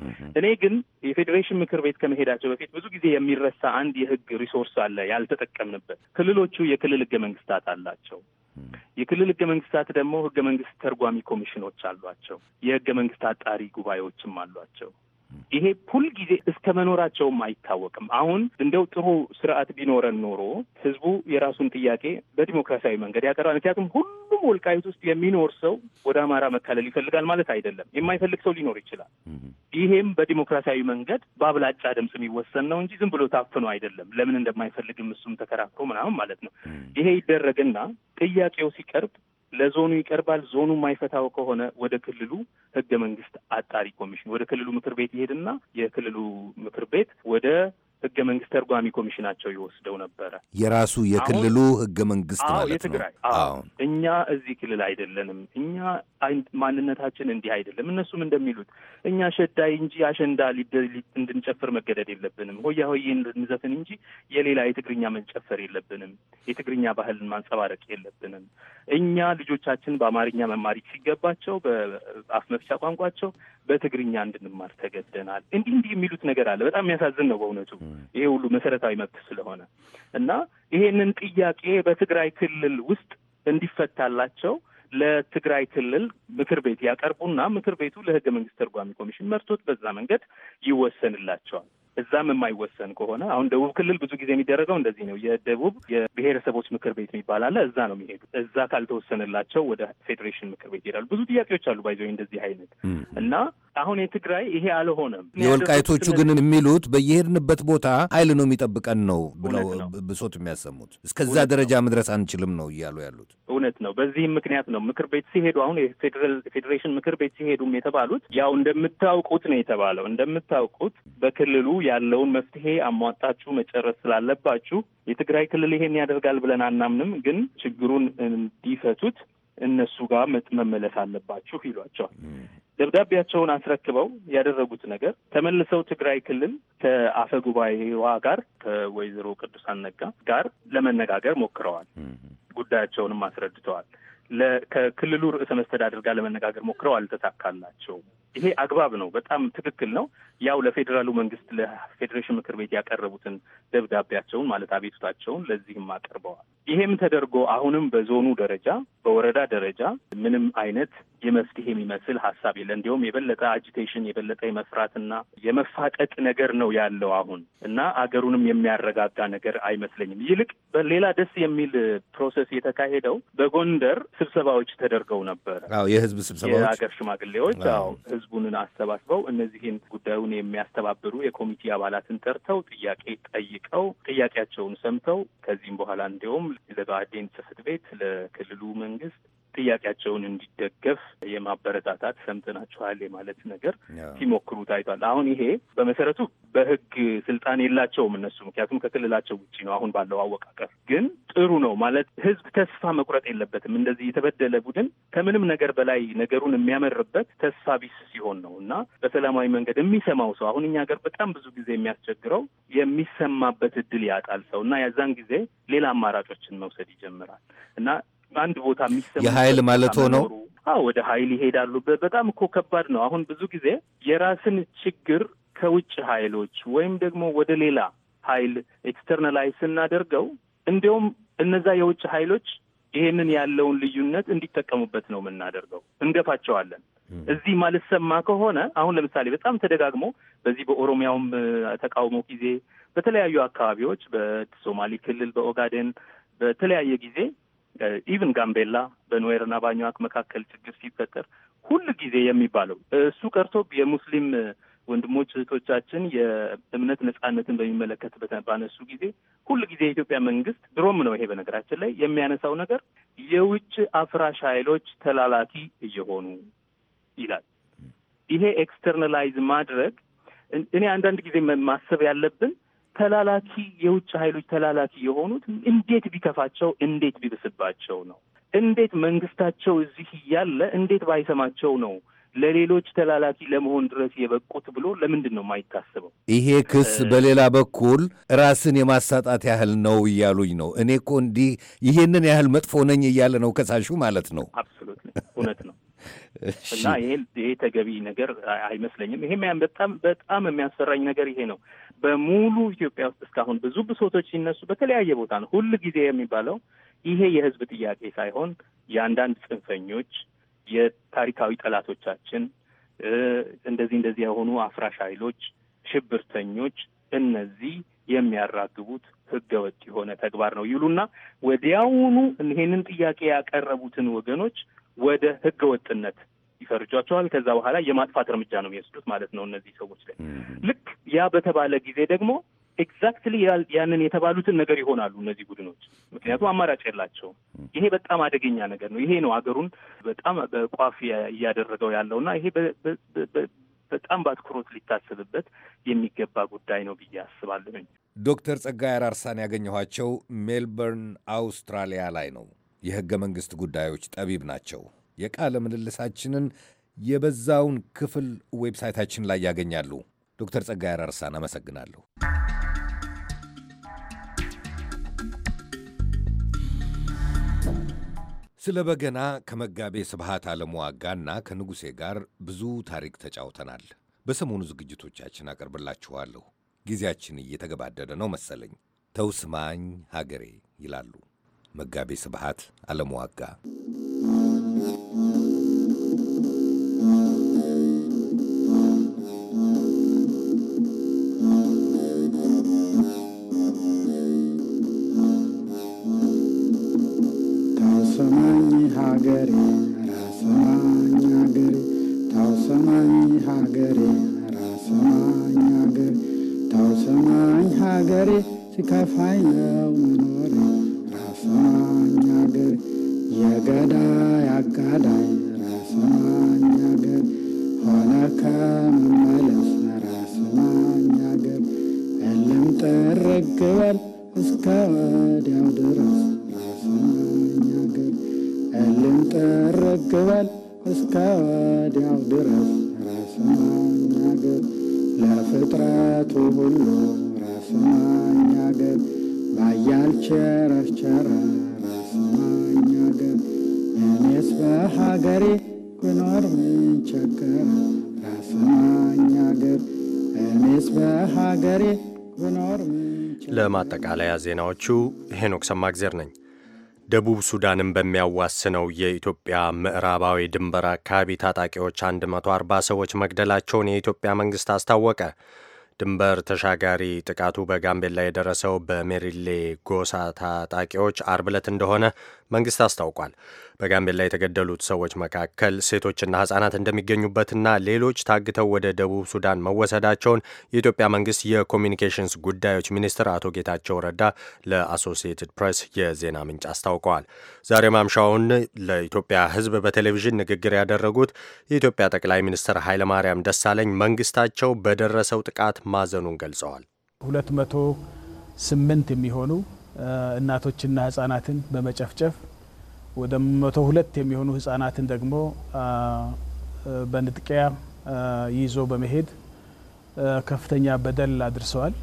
እኔ ግን የፌዴሬሽን ምክር ቤት ከመሄዳቸው በፊት ብዙ ጊዜ የሚረሳ አንድ የህግ ሪሶርስ አለ ያልተጠቀምንበት። ክልሎቹ የክልል ህገ መንግስታት አላቸው። የክልል ህገ መንግስታት ደግሞ ህገ መንግስት ተርጓሚ ኮሚሽኖች አሏቸው። የህገ መንግስት አጣሪ ጉባኤዎችም አሏቸው። ይሄ ጊዜ እስከ መኖራቸውም አይታወቅም። አሁን እንደው ጥሩ ስርዓት ቢኖረን ኖሮ ህዝቡ የራሱን ጥያቄ በዲሞክራሲያዊ መንገድ ያቀርባል። ምክንያቱም ሁሉም ወልቃይት ውስጥ የሚኖር ሰው ወደ አማራ መካለል ይፈልጋል ማለት አይደለም። የማይፈልግ ሰው ሊኖር ይችላል። ይሄም በዲሞክራሲያዊ መንገድ በአብላጫ ድምፅ የሚወሰን ነው እንጂ ዝም ብሎ ታፍኖ አይደለም። ለምን እንደማይፈልግም እሱም ተከራክሮ ምናምን ማለት ነው። ይሄ ይደረግና ጥያቄው ሲቀርብ ለዞኑ ይቀርባል። ዞኑ የማይፈታው ከሆነ ወደ ክልሉ ህገ መንግስት አጣሪ ኮሚሽን ወደ ክልሉ ምክር ቤት ይሄድና የክልሉ ምክር ቤት ወደ ህገ መንግስት ተርጓሚ ኮሚሽናቸው ይወስደው ነበረ። የራሱ የክልሉ ህገ መንግስት ማለት ነው። የትግራይ እኛ እዚህ ክልል አይደለንም። እኛ ማንነታችን እንዲህ አይደለም። እነሱም እንደሚሉት እኛ ሸዳይ እንጂ አሸንዳ እንድንጨፍር መገደድ የለብንም። ሆያ ሆዬ እንድንዘፍን እንጂ የሌላ የትግርኛ መንጨፈር የለብንም። የትግርኛ ባህልን ማንጸባረቅ የለብንም። እኛ ልጆቻችን በአማርኛ መማሪ ሲገባቸው በአፍ መፍቻ ቋንቋቸው በትግርኛ እንድንማር ተገደናል። እንዲህ እንዲህ የሚሉት ነገር አለ። በጣም የሚያሳዝን ነው በእውነቱ። ይሄ ሁሉ መሰረታዊ መብት ስለሆነ እና ይሄንን ጥያቄ በትግራይ ክልል ውስጥ እንዲፈታላቸው ለትግራይ ክልል ምክር ቤት ያቀርቡና ምክር ቤቱ ለህገ መንግስት ተርጓሚ ኮሚሽን መርቶት በዛ መንገድ ይወሰንላቸዋል። እዛም የማይወሰን ከሆነ አሁን ደቡብ ክልል ብዙ ጊዜ የሚደረገው እንደዚህ ነው። የደቡብ የብሔረሰቦች ምክር ቤት የሚባል አለ። እዛ ነው የሚሄዱ። እዛ ካልተወሰነላቸው ወደ ፌዴሬሽን ምክር ቤት ይሄዳሉ። ብዙ ጥያቄዎች አሉ ባይዘ እንደዚህ አይነት እና አሁን የትግራይ ይሄ አልሆነም። የወልቃይቶቹ ግን የሚሉት በየሄድንበት ቦታ ኃይል ነው የሚጠብቀን ነው ብለው ብሶት የሚያሰሙት እስከዛ ደረጃ መድረስ አንችልም ነው እያሉ ያሉት እውነት ነው። በዚህም ምክንያት ነው ምክር ቤት ሲሄዱ አሁን ፌዴሬሽን ምክር ቤት ሲሄዱም የተባሉት ያው እንደምታውቁት ነው የተባለው እንደምታውቁት በክልሉ ያለውን መፍትሄ አሟጣችሁ መጨረስ ስላለባችሁ የትግራይ ክልል ይሄን ያደርጋል ብለን አናምንም፣ ግን ችግሩን እንዲፈቱት እነሱ ጋር መመለስ አለባችሁ ይሏቸዋል። ደብዳቤያቸውን አስረክበው ያደረጉት ነገር ተመልሰው ትግራይ ክልል ከአፈ ጉባኤዋ ጋር ከወይዘሮ ቅዱሳን ነጋ ጋር ለመነጋገር ሞክረዋል። ጉዳያቸውንም አስረድተዋል። ከክልሉ ርዕሰ መስተዳድር ጋር ለመነጋገር ሞክረው አልተሳካላቸውም። ይሄ አግባብ ነው፣ በጣም ትክክል ነው። ያው ለፌዴራሉ መንግስት ለፌዴሬሽን ምክር ቤት ያቀረቡትን ደብዳቤያቸውን ማለት አቤቱታቸውን ለዚህም አቅርበዋል። ይሄም ተደርጎ አሁንም በዞኑ ደረጃ በወረዳ ደረጃ ምንም አይነት የመፍትሄ የሚመስል ሀሳብ የለ። እንዲሁም የበለጠ አጂቴሽን የበለጠ የመስራትና የመፋጠጥ ነገር ነው ያለው አሁን እና አገሩንም የሚያረጋጋ ነገር አይመስለኝም። ይልቅ በሌላ ደስ የሚል ፕሮሰስ የተካሄደው በጎንደር ስብሰባዎች ተደርገው ነበረ። የህዝብ ስብሰባዎች የሀገር ሽማግሌዎች ህዝቡንን አሰባስበው እነዚህን ጉዳዩን የሚያስተባብሩ የኮሚቴ አባላትን ጠርተው ጥያቄ ጠይቀው ጥያቄያቸውን ሰምተው ከዚህም በኋላ እንዲሁም ለብአዴን ጽሕፈት ቤት ለክልሉ መንግስት ጥያቄያቸውን እንዲደገፍ የማበረታታት ሰምተናችኋል የማለት ነገር ሲሞክሩ ታይቷል። አሁን ይሄ በመሰረቱ በህግ ስልጣን የላቸውም እነሱ ምክንያቱም ከክልላቸው ውጭ ነው አሁን ባለው አወቃቀር። ግን ጥሩ ነው ማለት ህዝብ ተስፋ መቁረጥ የለበትም። እንደዚህ የተበደለ ቡድን ከምንም ነገር በላይ ነገሩን የሚያመርበት ተስፋ ቢስ ሲሆን ነው እና በሰላማዊ መንገድ የሚሰማው ሰው አሁን እኛ ሀገር በጣም ብዙ ጊዜ የሚያስቸግረው የሚሰማበት እድል ያጣል ሰው እና የዛን ጊዜ ሌላ አማራጮችን መውሰድ ይጀምራል እና አንድ ቦታ የሚሰማ የሀይል ማለት ነው። አዎ ወደ ሀይል ይሄዳሉ። በጣም እኮ ከባድ ነው። አሁን ብዙ ጊዜ የራስን ችግር ከውጭ ሀይሎች ወይም ደግሞ ወደ ሌላ ሀይል ኤክስተርናላይዝ ስናደርገው እንዲያውም እነዛ የውጭ ሀይሎች ይሄንን ያለውን ልዩነት እንዲጠቀሙበት ነው የምናደርገው። እንገፋቸዋለን። እዚህ ማልሰማ ከሆነ አሁን ለምሳሌ በጣም ተደጋግሞ በዚህ በኦሮሚያውም ተቃውሞ ጊዜ በተለያዩ አካባቢዎች በሶማሌ ክልል፣ በኦጋዴን በተለያየ ጊዜ ኢቭን ጋምቤላ በኑዌርና በአኝዋክ መካከል ችግር ሲፈጠር ሁል ጊዜ የሚባለው እሱ ቀርቶ የሙስሊም ወንድሞች እህቶቻችን የእምነት ነጻነትን በሚመለከት ባነሱ ጊዜ ሁል ጊዜ የኢትዮጵያ መንግስት ድሮም ነው ይሄ በነገራችን ላይ የሚያነሳው ነገር የውጭ አፍራሽ ኃይሎች ተላላኪ እየሆኑ ይላል። ይሄ ኤክስተርናላይዝ ማድረግ እኔ አንዳንድ ጊዜ ማሰብ ያለብን ተላላኪ የውጭ ኃይሎች ተላላኪ የሆኑት እንዴት ቢከፋቸው፣ እንዴት ቢብስባቸው ነው? እንዴት መንግስታቸው እዚህ እያለ እንዴት ባይሰማቸው ነው ለሌሎች ተላላኪ ለመሆን ድረስ የበቁት ብሎ ለምንድን ነው የማይታስበው? ይሄ ክስ በሌላ በኩል ራስን የማሳጣት ያህል ነው እያሉኝ ነው። እኔ እኮ እንዲህ ይሄንን ያህል መጥፎ ነኝ እያለ ነው ከሳሹ ማለት ነው። አብሶሉት እውነት ነው። እና ይሄን ይሄ ተገቢ ነገር አይመስለኝም። ይሄም በጣም በጣም የሚያሰራኝ ነገር ይሄ ነው። በሙሉ ኢትዮጵያ ውስጥ እስካሁን ብዙ ብሶቶች ሲነሱ በተለያየ ቦታ ነው ሁል ጊዜ የሚባለው ይሄ የህዝብ ጥያቄ ሳይሆን የአንዳንድ ጽንፈኞች፣ የታሪካዊ ጠላቶቻችን፣ እንደዚህ እንደዚህ የሆኑ አፍራሽ ኃይሎች፣ ሽብርተኞች እነዚህ የሚያራግቡት ህገወጥ የሆነ ተግባር ነው ይሉና ወዲያውኑ ይሄንን ጥያቄ ያቀረቡትን ወገኖች ወደ ህገ ወጥነት ይፈርጇቸዋል። ከዛ በኋላ የማጥፋት እርምጃ ነው የሚወስዱት ማለት ነው እነዚህ ሰዎች ላይ። ልክ ያ በተባለ ጊዜ ደግሞ ኤግዛክትሊ ያንን የተባሉትን ነገር ይሆናሉ እነዚህ ቡድኖች፣ ምክንያቱም አማራጭ የላቸውም። ይሄ በጣም አደገኛ ነገር ነው። ይሄ ነው አገሩን በጣም በቋፍ እያደረገው ያለው እና ይሄ በጣም በአትኩሮት ሊታሰብበት የሚገባ ጉዳይ ነው ብዬ አስባለሁኝ። ዶክተር ጸጋይ አራርሳን ያገኘኋቸው ሜልበርን አውስትራሊያ ላይ ነው። የሕገ መንግሥት ጉዳዮች ጠቢብ ናቸው። የቃለ ምልልሳችንን የበዛውን ክፍል ዌብሳይታችን ላይ ያገኛሉ። ዶክተር ጸጋይ አራርሳን አመሰግናለሁ። ስለ በገና ከመጋቤ ስብሃት ዓለሙ ዋጋና ከንጉሴ ጋር ብዙ ታሪክ ተጫውተናል። በሰሞኑ ዝግጅቶቻችን አቀርብላችኋለሁ። ጊዜያችን እየተገባደደ ነው መሰለኝ። ተውስማኝ ሀገሬ ይላሉ መጋቤ ስብሐት ዓለም ታውሰማኝ ሀገሬ ራሰማኝ ሀገሬ ታውሰማኝ ሀገሬ ራሰማኝ ሀገሬ ታውሰማኝ ሀገሬ ሲከፋኝ ነው መኖሬ ራሷኛ ገር የገዳይ አጋዳይ ራሷኛ ሆነ ከመመለስ ራሷኛ እልም ጠረግበል እስከ ወዲያው ድረስ ራሷኛ እልም ጠረግበል እስከ ወዲያው ድረስ ራሷኛ ለፍጥረቱ ሁሉ ራሷ ባያል አገር እኔስ በሀገሬ ብኖር ምን ቸገረ አሰማኝ አገር እኔስ በሀገሬ ብኖር ለማጠቃለያ ዜናዎቹ ሄኖክ ሰማግዜር ነኝ። ደቡብ ሱዳንን በሚያዋስነው የኢትዮጵያ ምዕራባዊ ድንበር አካባቢ ታጣቂዎች 140 ሰዎች መግደላቸውን የኢትዮጵያ መንግሥት አስታወቀ። ድንበር ተሻጋሪ ጥቃቱ በጋምቤላ የደረሰው በሜሪሌ ጎሳ ታጣቂዎች አርብ ዕለት እንደሆነ መንግስት አስታውቋል። በጋምቤላ የተገደሉት ሰዎች መካከል ሴቶችና ህጻናት እንደሚገኙበትና ሌሎች ታግተው ወደ ደቡብ ሱዳን መወሰዳቸውን የኢትዮጵያ መንግስት የኮሚኒኬሽንስ ጉዳዮች ሚኒስትር አቶ ጌታቸው ረዳ ለአሶሲየትድ ፕሬስ የዜና ምንጭ አስታውቀዋል። ዛሬ ማምሻውን ለኢትዮጵያ ህዝብ በቴሌቪዥን ንግግር ያደረጉት የኢትዮጵያ ጠቅላይ ሚኒስትር ኃይለማርያም ደሳለኝ መንግስታቸው በደረሰው ጥቃት ማዘኑን ገልጸዋል። 208 የሚሆኑ እናቶችና ህጻናትን በመጨፍጨፍ ወደ 102 የሚሆኑ ህጻናትን ደግሞ በንጥቂያ ይዞ በመሄድ ከፍተኛ በደል አድርሰዋል።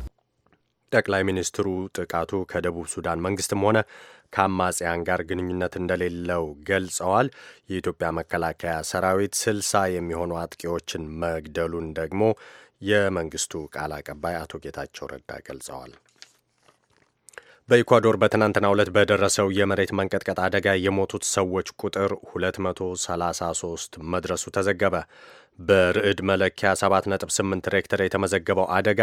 ጠቅላይ ሚኒስትሩ ጥቃቱ ከደቡብ ሱዳን መንግስትም ሆነ ከአማጽያን ጋር ግንኙነት እንደሌለው ገልጸዋል። የኢትዮጵያ መከላከያ ሰራዊት ስልሳ የሚሆኑ አጥቂዎችን መግደሉን ደግሞ የመንግስቱ ቃል አቀባይ አቶ ጌታቸው ረዳ ገልጸዋል። በኢኳዶር በትናንትና ዕለት በደረሰው የመሬት መንቀጥቀጥ አደጋ የሞቱት ሰዎች ቁጥር 233 መድረሱ ተዘገበ። በርዕድ መለኪያ 7.8 ሬክተር የተመዘገበው አደጋ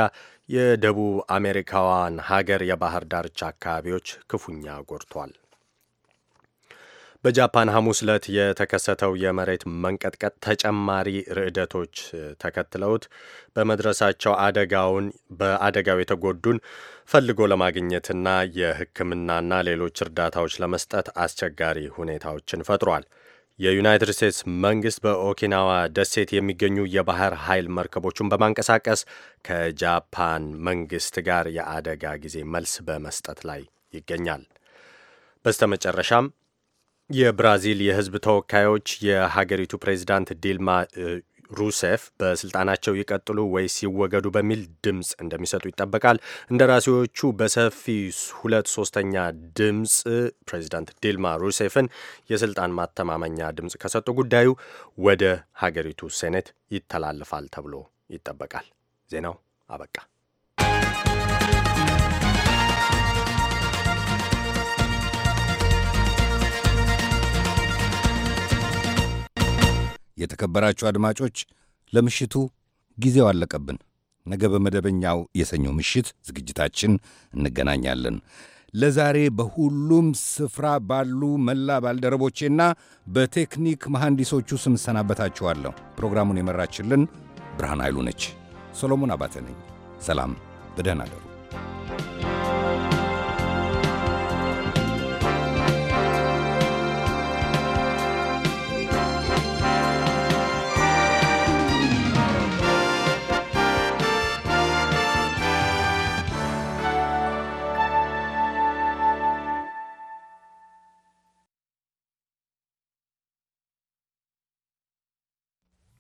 የደቡብ አሜሪካዋን ሀገር የባህር ዳርቻ አካባቢዎች ክፉኛ ጎድቷል። በጃፓን ሐሙስ ዕለት የተከሰተው የመሬት መንቀጥቀጥ ተጨማሪ ርዕደቶች ተከትለውት በመድረሳቸው አደጋውን በአደጋው የተጎዱን ፈልጎ ለማግኘትና የሕክምናና ሌሎች እርዳታዎች ለመስጠት አስቸጋሪ ሁኔታዎችን ፈጥሯል። የዩናይትድ ስቴትስ መንግስት በኦኪናዋ ደሴት የሚገኙ የባህር ኃይል መርከቦቹን በማንቀሳቀስ ከጃፓን መንግስት ጋር የአደጋ ጊዜ መልስ በመስጠት ላይ ይገኛል። በስተመጨረሻም የብራዚል የህዝብ ተወካዮች የሀገሪቱ ፕሬዚዳንት ዲልማ ሩሴፍ በስልጣናቸው ይቀጥሉ ወይስ ይወገዱ በሚል ድምፅ እንደሚሰጡ ይጠበቃል። እንደራሴዎቹ በሰፊ ሁለት ሶስተኛ ድምፅ ፕሬዚዳንት ዲልማ ሩሴፍን የስልጣን ማተማመኛ ድምፅ ከሰጡ ጉዳዩ ወደ ሀገሪቱ ሴኔት ይተላለፋል ተብሎ ይጠበቃል። ዜናው አበቃ። የተከበራችሁ አድማጮች ለምሽቱ ጊዜው አለቀብን። ነገ በመደበኛው የሰኞ ምሽት ዝግጅታችን እንገናኛለን። ለዛሬ በሁሉም ስፍራ ባሉ መላ ባልደረቦቼና በቴክኒክ መሐንዲሶቹ ስም ፕሮግራሙን የመራችልን ብርሃን ኃይሉ ነች። ሰሎሞን አባተ ነኝ። ሰላም፣ በደህና አደሩ።